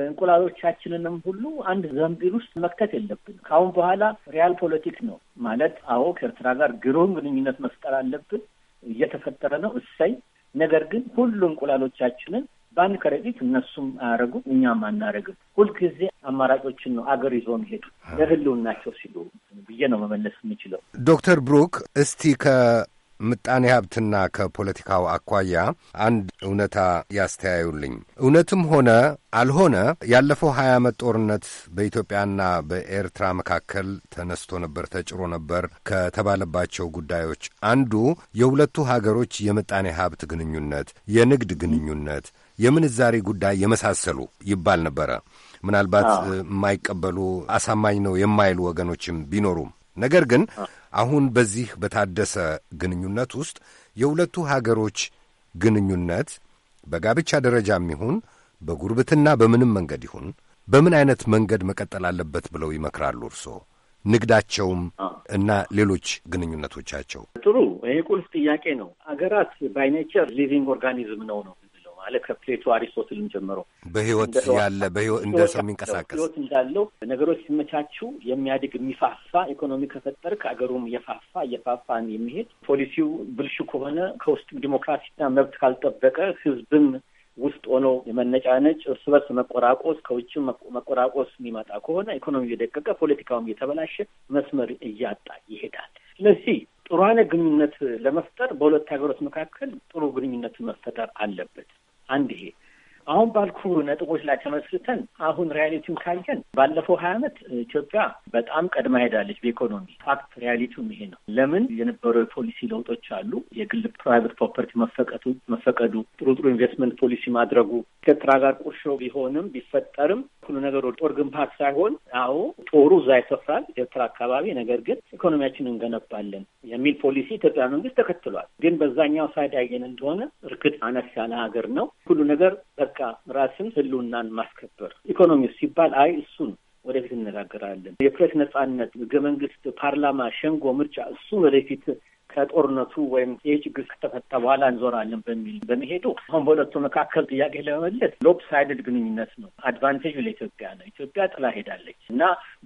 እንቁላሎቻችንንም ሁሉ አንድ ዘንቢል ውስጥ መክተት የለብን። ከአሁን በኋላ ሪያል ፖለቲክ ነው ማለት አዎ፣ ከኤርትራ ጋር ግሩም ግንኙነት መፍጠር አለብን። እየተፈጠረ ነው እሰይ። ነገር ግን ሁሉ እንቁላሎቻችንን በአንድ ከረጢት እነሱም አያረጉም፣ እኛም አናረግም። ሁልጊዜ አማራጮችን ነው አገር ይዞ መሄዱ ለህልውናቸው ሲሉ ብዬ ነው መመለስ የምችለው። ዶክተር ብሩክ እስቲ ከምጣኔ ሀብትና ከፖለቲካው አኳያ አንድ እውነታ ያስተያዩልኝ። እውነትም ሆነ አልሆነ ያለፈው ሀያ ዓመት ጦርነት በኢትዮጵያና በኤርትራ መካከል ተነስቶ ነበር ተጭሮ ነበር ከተባለባቸው ጉዳዮች አንዱ የሁለቱ ሀገሮች የምጣኔ ሀብት ግንኙነት፣ የንግድ ግንኙነት የምንዛሬ ጉዳይ የመሳሰሉ ይባል ነበረ። ምናልባት የማይቀበሉ አሳማኝ ነው የማይሉ ወገኖችም ቢኖሩም ነገር ግን አሁን በዚህ በታደሰ ግንኙነት ውስጥ የሁለቱ ሀገሮች ግንኙነት በጋብቻ ደረጃም ይሁን በጉርብትና በምንም መንገድ ይሁን በምን አይነት መንገድ መቀጠል አለበት ብለው ይመክራሉ እርስዎ? ንግዳቸውም እና ሌሎች ግንኙነቶቻቸው። ጥሩ፣ ይሄ ቁልፍ ጥያቄ ነው። አገራት ባይኔቸር ሊቪንግ ኦርጋኒዝም ነው ነው ማለት ከፕሌቶ አሪስቶትልን ጀምሮ በህይወት ያለ እንደ ሰው የሚንቀሳቀስ ህይወት እንዳለው ነገሮች ሲመቻችው የሚያድግ የሚፋፋ ኢኮኖሚ ከፈጠር ከአገሩም እየፋፋ እየፋፋን የሚሄድ ፖሊሲው ብልሹ ከሆነ ከውስጥ ዲሞክራሲና መብት ካልጠበቀ ህዝብም ውስጥ ሆኖ የመነጫነጭ እርስ በርስ መቆራቆስ ከውጭ መቆራቆስ የሚመጣ ከሆነ ኢኮኖሚ እየደቀቀ ፖለቲካውም እየተበላሸ መስመር እያጣ ይሄዳል። ስለዚህ ጥሩ አይነት ግንኙነት ለመፍጠር በሁለት ሀገሮች መካከል ጥሩ ግንኙነት መፈጠር አለበት። አንድ ይሄ አሁን ባልኩ ነጥቦች ላይ ተመስርተን አሁን ሪያሊቲውን ካየን ባለፈው ሀያ ዓመት ኢትዮጵያ በጣም ቀድማ ሄዳለች በኢኮኖሚ ፋክት ሪያሊቲውም ይሄ ነው። ለምን የነበረው የፖሊሲ ለውጦች አሉ። የግል ፕራይቬት ፕሮፐርቲ መፈቀቱ መፈቀዱ ጥሩ ጥሩ ኢንቨስትመንት ፖሊሲ ማድረጉ ከኤርትራ ጋር ቁርሾ ቢሆንም ቢፈጠርም ሁሉ ነገር ጦር ግንባት ሳይሆን አዎ ጦሩ እዛ ይሰፍራል ኤርትራ አካባቢ፣ ነገር ግን ኢኮኖሚያችን እንገነባለን የሚል ፖሊሲ ኢትዮጵያ መንግስት ተከትሏል። ግን በዛኛው ሳይድ ያየን እንደሆነ እርግጥ አነስ ያለ ሀገር ነው ሁሉ ነገር በቃ ራስን ህልውናን ማስከበር ኢኮኖሚ ሲባል አይ እሱን ወደፊት እንነጋገራለን። የፕሬስ ነጻነት፣ ህገ መንግስት፣ ፓርላማ፣ ሸንጎ፣ ምርጫ እሱን ወደፊት ከጦርነቱ ወይም ይህ ችግር ከተፈታ በኋላ እንዞራለን በሚል በመሄዱ አሁን በሁለቱ መካከል ጥያቄ ለመመለስ ሎፕሳይድድ ግንኙነት ነው። አድቫንቴጅ ለኢትዮጵያ ነው። ኢትዮጵያ ጥላ ሄዳለች እና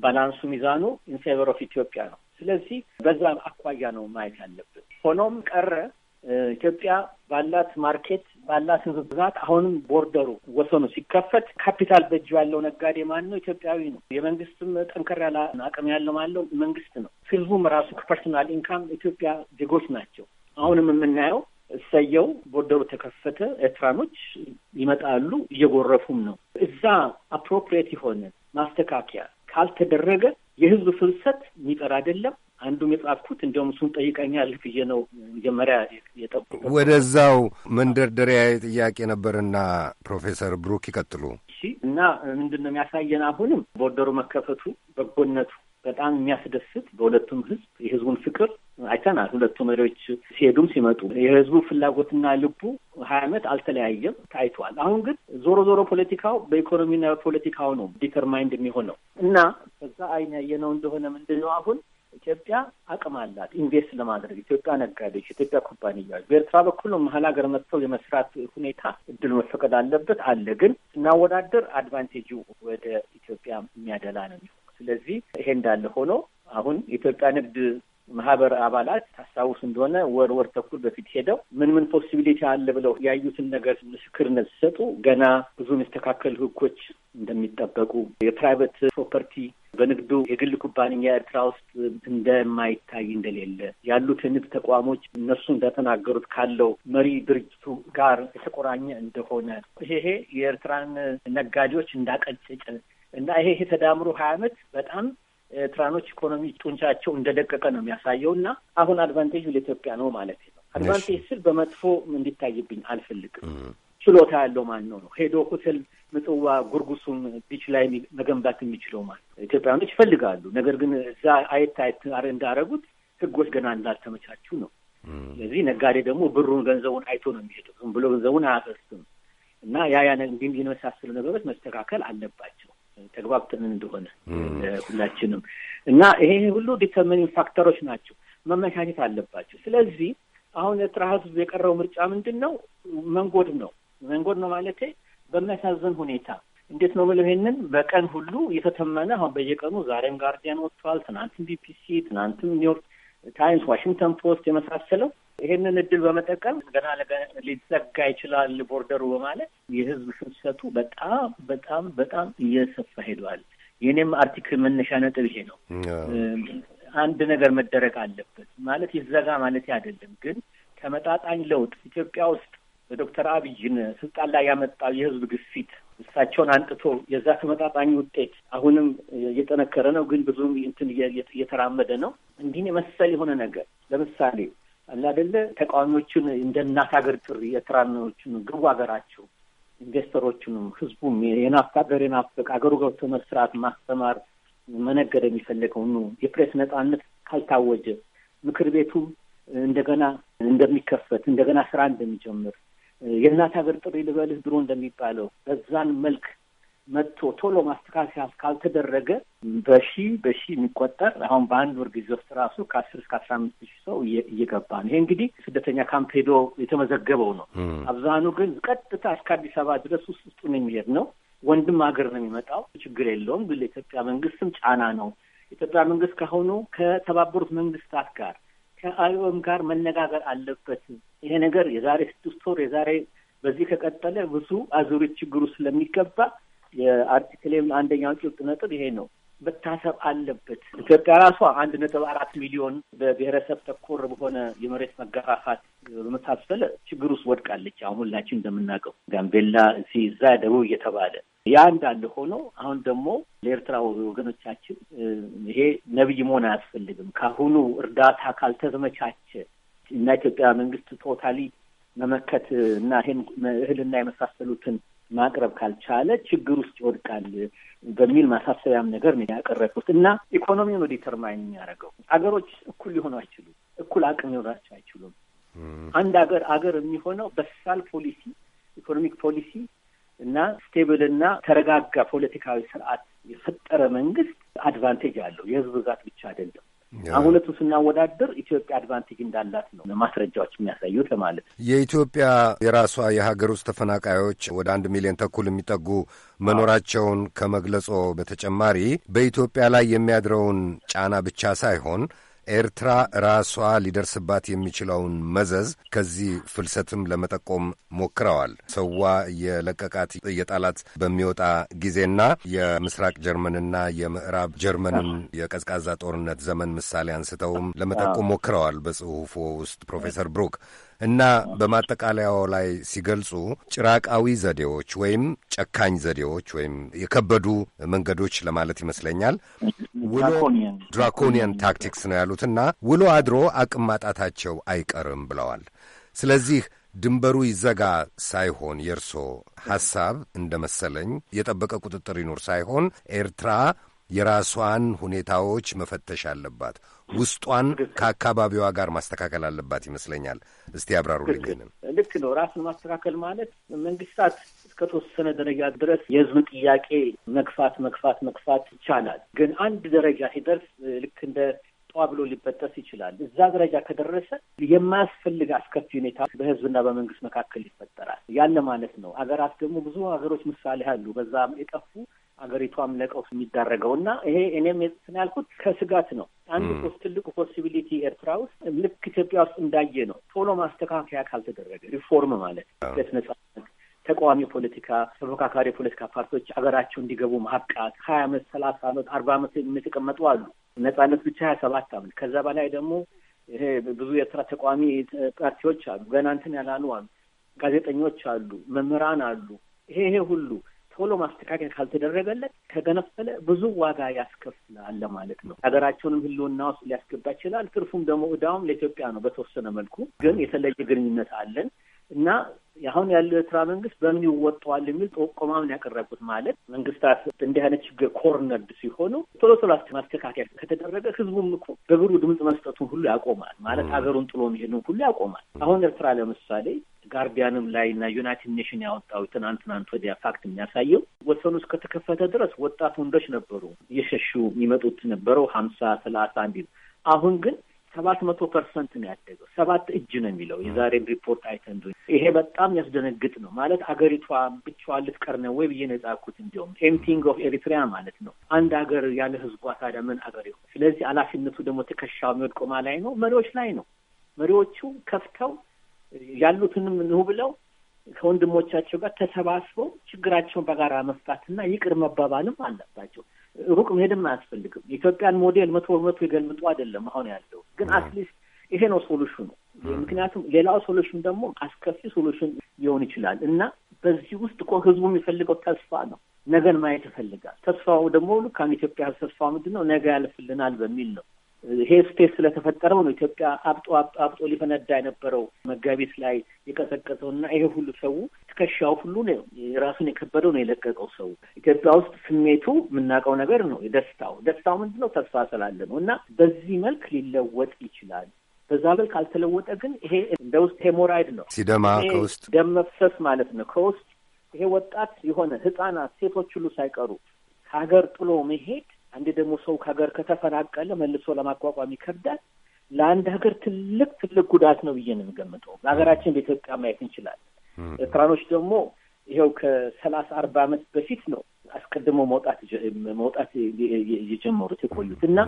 ባላንሱ ሚዛኑ ኢንፌቨር ኦፍ ኢትዮጵያ ነው። ስለዚህ በዛ አኳያ ነው ማየት ያለብን። ሆኖም ቀረ ኢትዮጵያ ባላት ማርኬት ባላት ሕዝብ ብዛት አሁንም ቦርደሩ ወሰኑ ሲከፈት ካፒታል በእጁ ያለው ነጋዴ ማን ነው? ኢትዮጵያዊ ነው። የመንግስትም ጠንከር ያለ አቅም ያለው ማለው መንግስት ነው። ሕዝቡም ራሱ ከፐርሶናል ኢንካም ኢትዮጵያ ዜጎች ናቸው። አሁንም የምናየው እሰየው ቦርደሩ ተከፈተ፣ ኤርትራኖች ይመጣሉ፣ እየጎረፉም ነው። እዛ አፕሮፕሪየት የሆነ ማስተካከያ ካልተደረገ የህዝብ ፍልሰት የሚቀር አይደለም። አንዱም የጻፍኩት እንዲያውም እሱን ጠይቀኛል ብዬ ነው መጀመሪያ የጠቁ ወደዛው መንደርደሪያ ጥያቄ ነበርና ፕሮፌሰር ብሩክ ይቀጥሉ። እሺ። እና ምንድን ነው የሚያሳየን አሁንም ቦርደሩ መከፈቱ በጎነቱ በጣም የሚያስደስት በሁለቱም ህዝብ የህዝቡን ፍቅር አይተናል። ሁለቱ መሪዎች ሲሄዱም ሲመጡ የህዝቡ ፍላጎትና ልቡ ሀያ ዓመት አልተለያየም ታይቷል። አሁን ግን ዞሮ ዞሮ ፖለቲካው በኢኮኖሚና በፖለቲካው ነው ዲተርማይንድ የሚሆነው እና በዛ አይን ያየነው እንደሆነ ምንድን ነው አሁን ኢትዮጵያ አቅም አላት ኢንቨስት ለማድረግ ኢትዮጵያ ነጋዴዎች፣ ኢትዮጵያ ኩባንያዎች በኤርትራ በኩል መሀል ሀገር መጥተው የመስራት ሁኔታ እድል መፈቀድ አለበት አለ። ግን ስናወዳደር አድቫንቴጁ ወደ ኢትዮጵያ የሚያደላ ነው። ስለዚህ ይሄ እንዳለ ሆኖ አሁን የኢትዮጵያ ንግድ ማህበር አባላት ታስታውስ እንደሆነ ወር ወር ተኩል በፊት ሄደው ምን ምን ፖሲቢሊቲ አለ ብለው ያዩትን ነገር ምስክርነት ሲሰጡ ገና ብዙ የሚስተካከሉ ህጎች እንደሚጠበቁ የፕራይቬት ፕሮፐርቲ በንግዱ የግል ኩባንያ ኤርትራ ውስጥ እንደማይታይ እንደሌለ ያሉት የንግድ ተቋሞች እነሱ እንደተናገሩት ካለው መሪ ድርጅቱ ጋር የተቆራኘ እንደሆነ ይሄ የኤርትራን ነጋዴዎች እንዳቀጨጨ እና ይሄ ተዳምሮ ሀያ ዓመት በጣም ኤርትራኖች ኢኮኖሚ ጡንቻቸው እንደደቀቀ ነው የሚያሳየው እና አሁን አድቫንቴጁ ለኢትዮጵያ ነው ማለት ነው። አድቫንቴጅ ስል በመጥፎ እንዲታይብኝ አልፈልግም። ችሎታ ያለው ማን ነው ነው ሄዶ ሆቴል ምጽዋ ጉርጉሱን ቢች ላይ መገንባት የሚችለው ማለት ነው። ኢትዮጵያኖች ይፈልጋሉ። ነገር ግን እዛ አየት አየት እንዳረጉት ህጎች ገና እንዳልተመቻችው ነው። ስለዚህ ነጋዴ ደግሞ ብሩን ገንዘቡን አይቶ ነው የሚሄደው። ዝም ብሎ ገንዘቡን አያፈርስም እና ያ ያ እንዲህ የመሳሰሉ ነገሮች መስተካከል አለባቸው። ተግባብተን እንደሆነ ሁላችንም እና ይሄ ሁሉ ዲተርሚኒንግ ፋክተሮች ናቸው፣ መመቻቸት አለባቸው። ስለዚህ አሁን ኤርትራ ህዝብ የቀረው ምርጫ ምንድን ነው? መንጎድ ነው። መንጎድ ነው ማለት በሚያሳዝን ሁኔታ እንዴት ነው ብለው ይሄንን በቀን ሁሉ እየተተመነ አሁን በየቀኑ ዛሬም ጋርዲያን ወጥቷል፣ ትናንትም ቢቢሲ፣ ትናንትም ኒውዮርክ ታይምስ፣ ዋሽንግተን ፖስት የመሳሰለው ይህንን እድል በመጠቀም ገና ሊዘጋ ይችላል ቦርደሩ በማለት የህዝብ ፍሰቱ በጣም በጣም በጣም እየሰፋ ሄደዋል። የእኔም አርቲክል መነሻ ነጥብ ይሄ ነው። አንድ ነገር መደረግ አለበት ማለት ይዘጋ ማለት አይደለም፣ ግን ተመጣጣኝ ለውጥ ኢትዮጵያ ውስጥ በዶክተር አብይን ስልጣን ላይ ያመጣው የህዝብ ግፊት እሳቸውን አንጥቶ የዛ ተመጣጣኝ ውጤት አሁንም እየጠነከረ ነው፣ ግን ብዙም እንትን እየተራመደ ነው። እንዲህን መሰል የሆነ ነገር ለምሳሌ አላደለ ተቃዋሚዎቹን እንደ እናት ሀገር ጥሪ ኤርትራኖቹን ግቡ ሀገራቸው ኢንቨስተሮቹንም ህዝቡም የናፍቅ ሀገር የናፍቅ አገሩ ገብቶ መስራት ማስተማር መነገድ የሚፈለገው ኑ የፕሬስ ነጻነት ካልታወጀ ምክር ቤቱም እንደገና እንደሚከፈት እንደገና ስራ እንደሚጀምር የእናት ሀገር ጥሪ ልበልህ ድሮ እንደሚባለው በዛን መልክ መጥቶ ቶሎ ማስተካከያ ካልተደረገ በሺ በሺ የሚቆጠር አሁን በአንድ ወር ጊዜ ውስጥ ራሱ ከአስር እስከ አስራ አምስት ሺህ ሰው እየገባ ነው። ይሄ እንግዲህ ስደተኛ ካምፕ ሄዶ የተመዘገበው ነው። አብዛኑ ግን ቀጥታ እስከ አዲስ አበባ ድረስ ውስጥ ውስጡ ነው የሚሄድ ነው። ወንድም ሀገር ነው የሚመጣው። ችግር የለውም። ግን ለኢትዮጵያ መንግስትም ጫና ነው። ኢትዮጵያ መንግስት ከሆኑ ከተባበሩት መንግስታት ጋር ከአይኦም ጋር መነጋገር አለበት። ይሄ ነገር የዛሬ ስድስት ወር የዛሬ በዚህ ከቀጠለ ብዙ አዙሪት ችግሩ ስለሚገባ የአርቲክሌም አንደኛው ጭብጥ ነጥብ ይሄ ነው። መታሰብ አለበት። ኢትዮጵያ ራሷ አንድ ነጥብ አራት ሚሊዮን በብሔረሰብ ተኮር በሆነ የመሬት መገፋፋት በመሳሰለ ችግር ውስጥ ወድቃለች። አሁን ሁላችን እንደምናውቀው ጋምቤላ፣ እዚህ እዛ፣ ደቡብ እየተባለ ያ እንዳለ ሆኖ አሁን ደግሞ ለኤርትራ ወገኖቻችን ይሄ ነብይ መሆን አያስፈልግም። ከአሁኑ እርዳታ ካልተዘመቻቸ እና ኢትዮጵያ መንግስት ቶታሊ መመከት እና ይህን እህልና የመሳሰሉትን ማቅረብ ካልቻለ ችግር ውስጥ ይወድቃል በሚል ማሳሰቢያም ነገር ነው ያቀረብኩት እና ኢኮኖሚውን ወደ ተርማይን የሚያደርገው አገሮች እኩል ሊሆኑ አይችሉም። እኩል አቅም ሊሆናቸው አይችሉም። አንድ አገር አገር የሚሆነው በሳል ፖሊሲ፣ ኢኮኖሚክ ፖሊሲ እና ስቴብልና ተረጋጋ ፖለቲካዊ ስርዓት የፈጠረ መንግስት አድቫንቴጅ አለው። የህዝብ ብዛት ብቻ አይደለም። አሁን ሁለቱ ስናወዳደር ኢትዮጵያ አድቫንቴጅ እንዳላት ነው ማስረጃዎች የሚያሳዩት ለማለት ነው። የኢትዮጵያ የራሷ የሀገር ውስጥ ተፈናቃዮች ወደ አንድ ሚሊዮን ተኩል የሚጠጉ መኖራቸውን ከመግለጾ በተጨማሪ በኢትዮጵያ ላይ የሚያድረውን ጫና ብቻ ሳይሆን ኤርትራ ራሷ ሊደርስባት የሚችለውን መዘዝ ከዚህ ፍልሰትም ለመጠቆም ሞክረዋል። ሰዋ የለቀቃት የጣላት በሚወጣ ጊዜና የምስራቅ ጀርመንና የምዕራብ ጀርመንን የቀዝቃዛ ጦርነት ዘመን ምሳሌ አንስተውም ለመጠቆም ሞክረዋል በጽሁፉ ውስጥ ፕሮፌሰር ብሩክ እና በማጠቃለያው ላይ ሲገልጹ ጭራቃዊ ዘዴዎች ወይም ጨካኝ ዘዴዎች ወይም የከበዱ መንገዶች ለማለት ይመስለኛል ውሎ ድራኮኒያን ታክቲክስ ነው ያሉትና ውሎ አድሮ አቅም ማጣታቸው አይቀርም ብለዋል። ስለዚህ ድንበሩ ይዘጋ ሳይሆን የእርሶ ሐሳብ እንደ መሰለኝ የጠበቀ ቁጥጥር ይኑር ሳይሆን ኤርትራ የራሷን ሁኔታዎች መፈተሽ አለባት። ውስጧን ከአካባቢዋ ጋር ማስተካከል አለባት ይመስለኛል። እስቲ ያብራሩልኝ። ልክ ነው። ራስን ማስተካከል ማለት መንግስታት እስከተወሰነ ደረጃ ድረስ የህዝብን ጥያቄ መግፋት መግፋት መግፋት ይቻላል። ግን አንድ ደረጃ ሲደርስ ልክ እንደ ፏ ብሎ ሊበጠስ ይችላል። እዛ ደረጃ ከደረሰ የማያስፈልግ አስከፊ ሁኔታ በህዝብና በመንግስት መካከል ይፈጠራል። ያለ ማለት ነው። አገራት ደግሞ ብዙ ሀገሮች ምሳሌ አሉ በዛ የጠፉ አገሪቷም ለቀውስ የሚዳረገው እና ይሄ እኔም እንትን ያልኩት ከስጋት ነው። አንድ ሶስት ትልቁ ፖሲቢሊቲ ኤርትራ ውስጥ ልክ ኢትዮጵያ ውስጥ እንዳየ ነው። ቶሎ ማስተካከያ ካልተደረገ ሪፎርም ማለት ነጻነት ተቃዋሚ ፖለቲካ ተፎካካሪ የፖለቲካ ፓርቲዎች ሀገራቸው እንዲገቡ ማብቃት ሀያ አመት ሰላሳ አመት አርባ አመት የተቀመጡ አሉ። ነጻነት ብቻ ሀያ ሰባት አመት ከዛ በላይ ደግሞ ይሄ ብዙ የኤርትራ ተቃዋሚ ፓርቲዎች አሉ። ገና እንትን ያላሉ አሉ። ጋዜጠኞች አሉ፣ መምህራን አሉ። ይሄ ይሄ ሁሉ ቶሎ ማስተካከል ካልተደረገለት ከገነፈለ ብዙ ዋጋ ያስከፍላል ማለት ነው። ሀገራቸውንም ሕልውና ውስጥ ሊያስገባ ይችላል። ትርፉም ደግሞ እዳውም ለኢትዮጵያ ነው። በተወሰነ መልኩ ግን የተለየ ግንኙነት አለን እና አሁን ያለው የኤርትራ መንግስት በምን ይወጣዋል የሚል ጥቆማውን ያቀረቡት ማለት መንግስታት እንዲህ አይነት ችግር ኮርነርድ ሲሆኑ ቶሎ ቶሎ ማስተካከል ከተደረገ ህዝቡም እኮ በብሩ ድምፅ መስጠቱን ሁሉ ያቆማል ማለት ሀገሩን ጥሎ መሄዱን ሁሉ ያቆማል። አሁን ኤርትራ ለምሳሌ ጋርዲያንም ላይ እና ዩናይትድ ኔሽን ያወጣው ትናንትናንት ወዲያ ፋክት የሚያሳየው ወሰኑ እስከተከፈተ ድረስ ወጣት ወንዶች ነበሩ እየሸሹ የሚመጡት ነበረው ሀምሳ ሰላሳ እንዲ አሁን ግን ሰባት መቶ ፐርሰንት ነው ያደገው። ሰባት እጅ ነው የሚለው የዛሬን ሪፖርት አይተን ይሄ በጣም ያስደነግጥ ነው ማለት አገሪቷ ብቻዋ ልትቀር ነው ወይ ብዬ ነው እንዲሁም ኤምቲንግ ኦፍ ኤሪትሪያ ማለት ነው። አንድ ሀገር ያለ ህዝቧ ታዲያ ምን አገር ይሆን? ስለዚህ ኃላፊነቱ ደግሞ ትከሻው የሚወድቆማ ላይ ነው፣ መሪዎች ላይ ነው። መሪዎቹ ከፍተው ያሉትንም ንሁ ብለው ከወንድሞቻቸው ጋር ተሰባስበው ችግራቸውን በጋራ መፍታትና ይቅር መባባልም አለባቸው። ሩቅ መሄድም አያስፈልግም። የኢትዮጵያን ሞዴል መቶ በመቶ የገልምጡ አይደለም አሁን ያለው ግን አትሊስት ይሄ ነው ሶሉሽኑ። ምክንያቱም ሌላው ሶሉሽን ደግሞ አስከፊ ሶሉሽን ሊሆን ይችላል እና በዚህ ውስጥ እኮ ህዝቡ የሚፈልገው ተስፋ ነው። ነገን ማየት ይፈልጋል። ተስፋው ደግሞ ልካም ኢትዮጵያ ተስፋ ምንድን ነው ነገ ያልፍልናል በሚል ነው ይሄ ስፔስ ስለተፈጠረው ነው ኢትዮጵያ አብጦ አብጦ ሊፈነዳ የነበረው መጋቢት ላይ የቀሰቀሰው እና ይሄ ሁሉ ሰው ትከሻው ሁሉ ነው ራሱን የከበደው ነው የለቀቀው ሰው ኢትዮጵያ ውስጥ ስሜቱ የምናውቀው ነገር ነው። የደስታው ደስታው ምንድን ነው? ተስፋ ስላለ ነው እና በዚህ መልክ ሊለወጥ ይችላል። በዛ መልክ ካልተለወጠ ግን ይሄ እንደ ውስጥ ሄሞራይድ ነው፣ ሲደማ ከውስጥ ደም መፍሰስ ማለት ነው። ከውስጥ ይሄ ወጣት የሆነ ህጻናት፣ ሴቶች ሁሉ ሳይቀሩ ከሀገር ጥሎ መሄድ አንዴ ደግሞ ሰው ከሀገር ከተፈናቀለ መልሶ ለማቋቋም ይከብዳል። ለአንድ ሀገር ትልቅ ትልቅ ጉዳት ነው ብዬ ነው የምገምተው። በኢትዮጵያ ማየት እንችላለን። ኤርትራኖች ደግሞ ይኸው ከሰላሳ አርባ ዓመት በፊት ነው አስቀድሞ መውጣት መውጣት የጀመሩት የቆዩት እና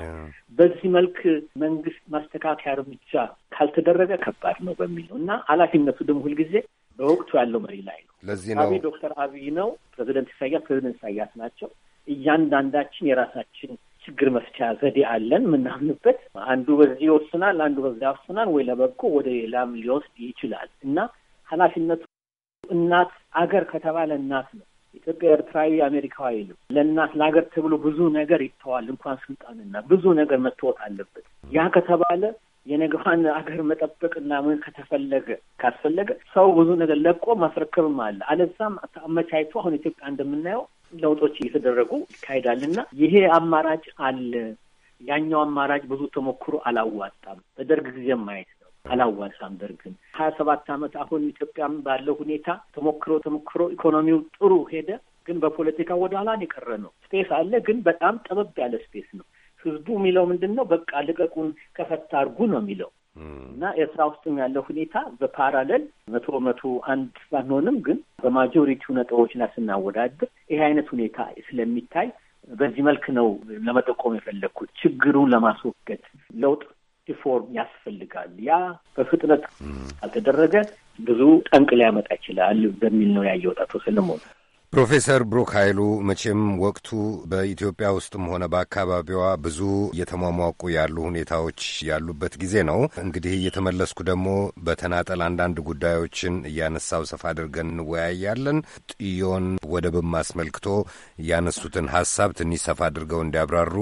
በዚህ መልክ መንግስት ማስተካከያ እርምጃ ካልተደረገ ከባድ ነው በሚል ነው እና ኃላፊነቱ ደግሞ ሁልጊዜ በወቅቱ ያለው መሪ ላይ ነው። ለዚህ ነው ዶክተር አብይ ነው ፕሬዚደንት ኢሳያስ ፕሬዚደንት ኢሳያስ ናቸው እያንዳንዳችን የራሳችን ችግር መፍቻ ዘዴ አለን የምናምንበት። አንዱ በዚህ ይወስናል፣ አንዱ በዚያ ይወስናል፣ ወይ ለበጎ ወደ ሌላም ሊወስድ ይችላል እና ኃላፊነቱ እናት አገር ከተባለ እናት ነው። ኢትዮጵያ ኤርትራዊ አሜሪካዊ ነው። ለእናት ለሀገር ተብሎ ብዙ ነገር ይተዋል። እንኳን ስልጣንና ብዙ ነገር መተወጥ አለበት። ያ ከተባለ የነገሯን አገር መጠበቅና ምን ከተፈለገ ካስፈለገ ሰው ብዙ ነገር ለቆ ማስረከብም አለ። አለዛም አመቻይቶ አሁን ኢትዮጵያ እንደምናየው ለውጦች እየተደረጉ ይካሄዳል እና ይሄ አማራጭ አለ። ያኛው አማራጭ ብዙ ተሞክሮ አላዋጣም። በደርግ ጊዜ ማየት ነው አላዋጣም። ደርግን ሀያ ሰባት ዓመት አሁን ኢትዮጵያም ባለው ሁኔታ ተሞክሮ ተሞክሮ ኢኮኖሚው ጥሩ ሄደ፣ ግን በፖለቲካ ወደ ኋላን የቀረ ነው። ስፔስ አለ፣ ግን በጣም ጠበብ ያለ ስፔስ ነው። ህዝቡ የሚለው ምንድን ነው? በቃ ልቀቁን፣ ከፈታ አርጉ ነው የሚለው። እና ኤርትራ ውስጥም ያለው ሁኔታ በፓራሌል መቶ መቶ አንድ ባንሆንም ግን በማጆሪቲው ነጥቦች ላይ ስናወዳድር ይሄ አይነት ሁኔታ ስለሚታይ በዚህ መልክ ነው ለመጠቆም የፈለግኩት። ችግሩን ለማስወገድ ለውጥ ሪፎርም ያስፈልጋል። ያ በፍጥነት ካልተደረገ ብዙ ጠንቅ ሊያመጣ ይችላል በሚል ነው ያየሁት። አቶ ሰለሞን ፕሮፌሰር ብሩክ ኃይሉ መቼም ወቅቱ በኢትዮጵያ ውስጥም ሆነ በአካባቢዋ ብዙ እየተሟሟቁ ያሉ ሁኔታዎች ያሉበት ጊዜ ነው። እንግዲህ እየተመለስኩ ደግሞ በተናጠል አንዳንድ ጉዳዮችን እያነሳው ሰፋ አድርገን እንወያያለን። ጥዮን ወደብም አስመልክቶ ያነሱትን ሀሳብ ትንሽ ሰፋ አድርገው እንዲያብራሩ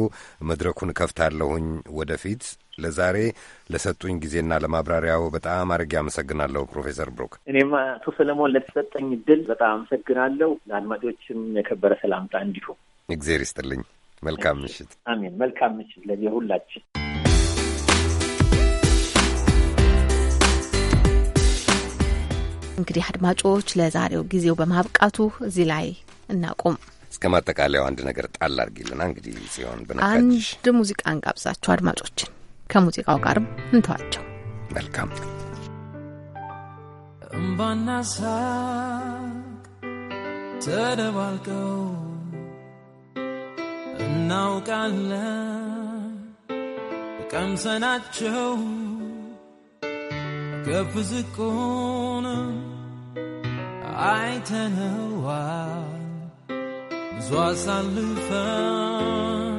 መድረኩን እከፍታለሁኝ ወደፊት ለዛሬ ለሰጡኝ ጊዜና ለማብራሪያው በጣም አድርጌ አመሰግናለሁ ፕሮፌሰር ብሩክ። እኔም አቶ ሰለሞን ለተሰጠኝ እድል በጣም አመሰግናለሁ። ለአድማጮችም የከበረ ሰላምታ እንዲሁ እግዜር ይስጥልኝ። መልካም ምሽት። አሜን። መልካም ምሽት ለዚህ ሁላችን። እንግዲህ አድማጮች ለዛሬው ጊዜው በማብቃቱ እዚህ ላይ እናቁም። እስከ ማጠቃለያው አንድ ነገር ጣል አድርጊልና እንግዲህ ሲሆን አንድ ሙዚቃ እንጋብዛችሁ አድማጮችን ከሙዚቃው ጋርም እንተዋቸው። መልካም እምባና ሳቅ ተደባልቀው እናውቃለን ቀምሰናቸው ከፍ ዝቁን አይተነዋል ብዙ አሳልፈን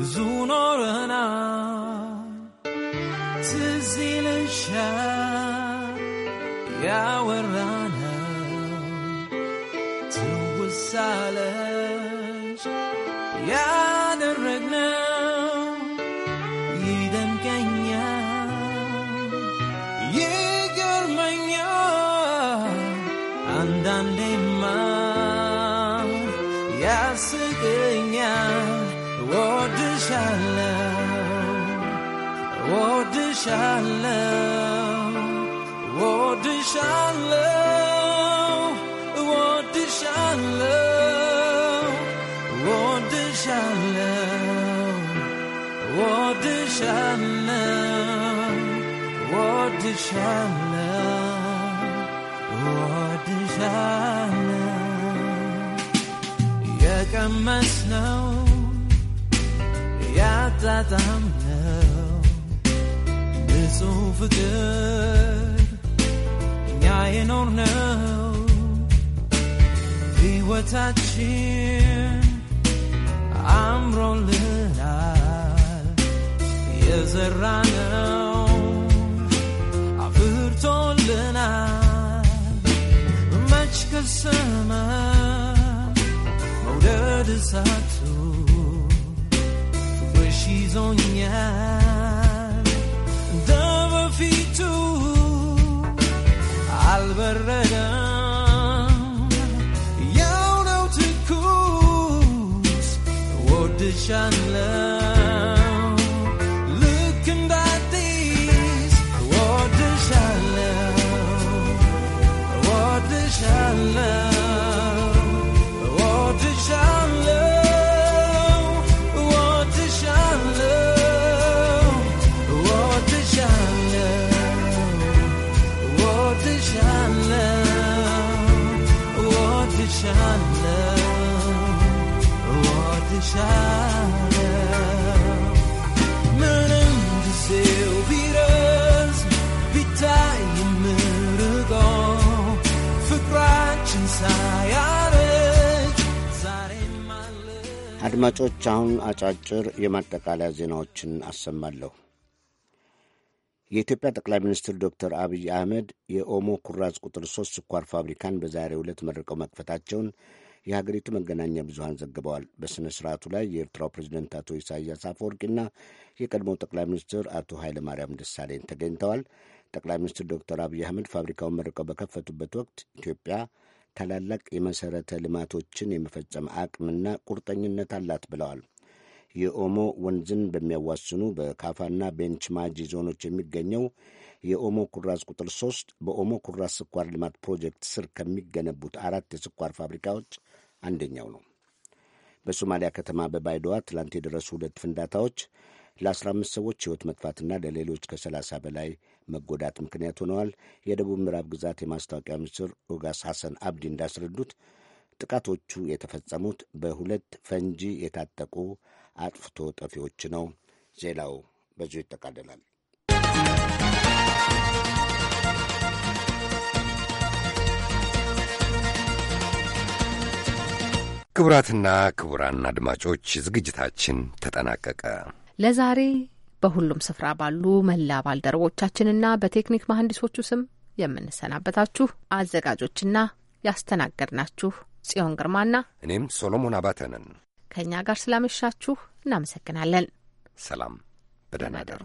ብዙ ኖረናል ትዝ ይልሻል ያወራነው ትውሳለሽ ያደረግነው ይደንቀኛል ይገርመኛል አንዳንዴማ ያስገኛል shalom, de shalom, de shalom, de shalom, de shalom, de shalom, de shalom, ya kamasno, ya tatamno so for good. And I don't know. We were touching. I'm rolling out. Yes, I know. I've heard all the night. Much customer. Motor desire to. Where she's on your fitu alberrana yaunautikus wodishanlah አድማጮች፣ አሁን አጫጭር የማጠቃለያ ዜናዎችን አሰማለሁ። የኢትዮጵያ ጠቅላይ ሚኒስትር ዶክተር አብይ አህመድ የኦሞ ኩራዝ ቁጥር ሶስት ስኳር ፋብሪካን በዛሬ ዕለት መርቀው መክፈታቸውን የሀገሪቱ መገናኛ ብዙሀን ዘግበዋል። በሥነ ሥርዓቱ ላይ የኤርትራው ፕሬዚደንት አቶ ኢሳያስ አፈወርቂና የቀድሞው ጠቅላይ ሚኒስትር አቶ ኃይለማርያም ደሳለኝ ተገኝተዋል። ጠቅላይ ሚኒስትር ዶክተር አብይ አህመድ ፋብሪካውን መርቀው በከፈቱበት ወቅት ኢትዮጵያ ታላላቅ የመሠረተ ልማቶችን የመፈጸም አቅምና ቁርጠኝነት አላት ብለዋል። የኦሞ ወንዝን በሚያዋስኑ በካፋና ቤንች ማጂ ዞኖች የሚገኘው የኦሞ ኩራዝ ቁጥር ሶስት በኦሞ ኩራዝ ስኳር ልማት ፕሮጀክት ስር ከሚገነቡት አራት የስኳር ፋብሪካዎች አንደኛው ነው። በሶማሊያ ከተማ በባይዶዋ ትላንት የደረሱ ሁለት ፍንዳታዎች ለ15 ሰዎች ሕይወት መጥፋትና ለሌሎች ከ30 በላይ መጎዳት ምክንያት ሆነዋል። የደቡብ ምዕራብ ግዛት የማስታወቂያ ሚኒስትር ኦጋስ ሐሰን አብዲ እንዳስረዱት ጥቃቶቹ የተፈጸሙት በሁለት ፈንጂ የታጠቁ አጥፍቶ ጠፊዎች ነው። ዜናው በዚሁ ይጠቃልላል። ክቡራትና ክቡራን አድማጮች ዝግጅታችን ተጠናቀቀ ለዛሬ በሁሉም ስፍራ ባሉ መላ ባልደረቦቻችንና በቴክኒክ መሐንዲሶቹ ስም የምንሰናበታችሁ አዘጋጆችና ያስተናገድናችሁ ጽዮን ግርማና እኔም ሶሎሞን አባተንን ከእኛ ጋር ስላመሻችሁ እናመሰግናለን። ሰላም፣ በደህና ደሩ።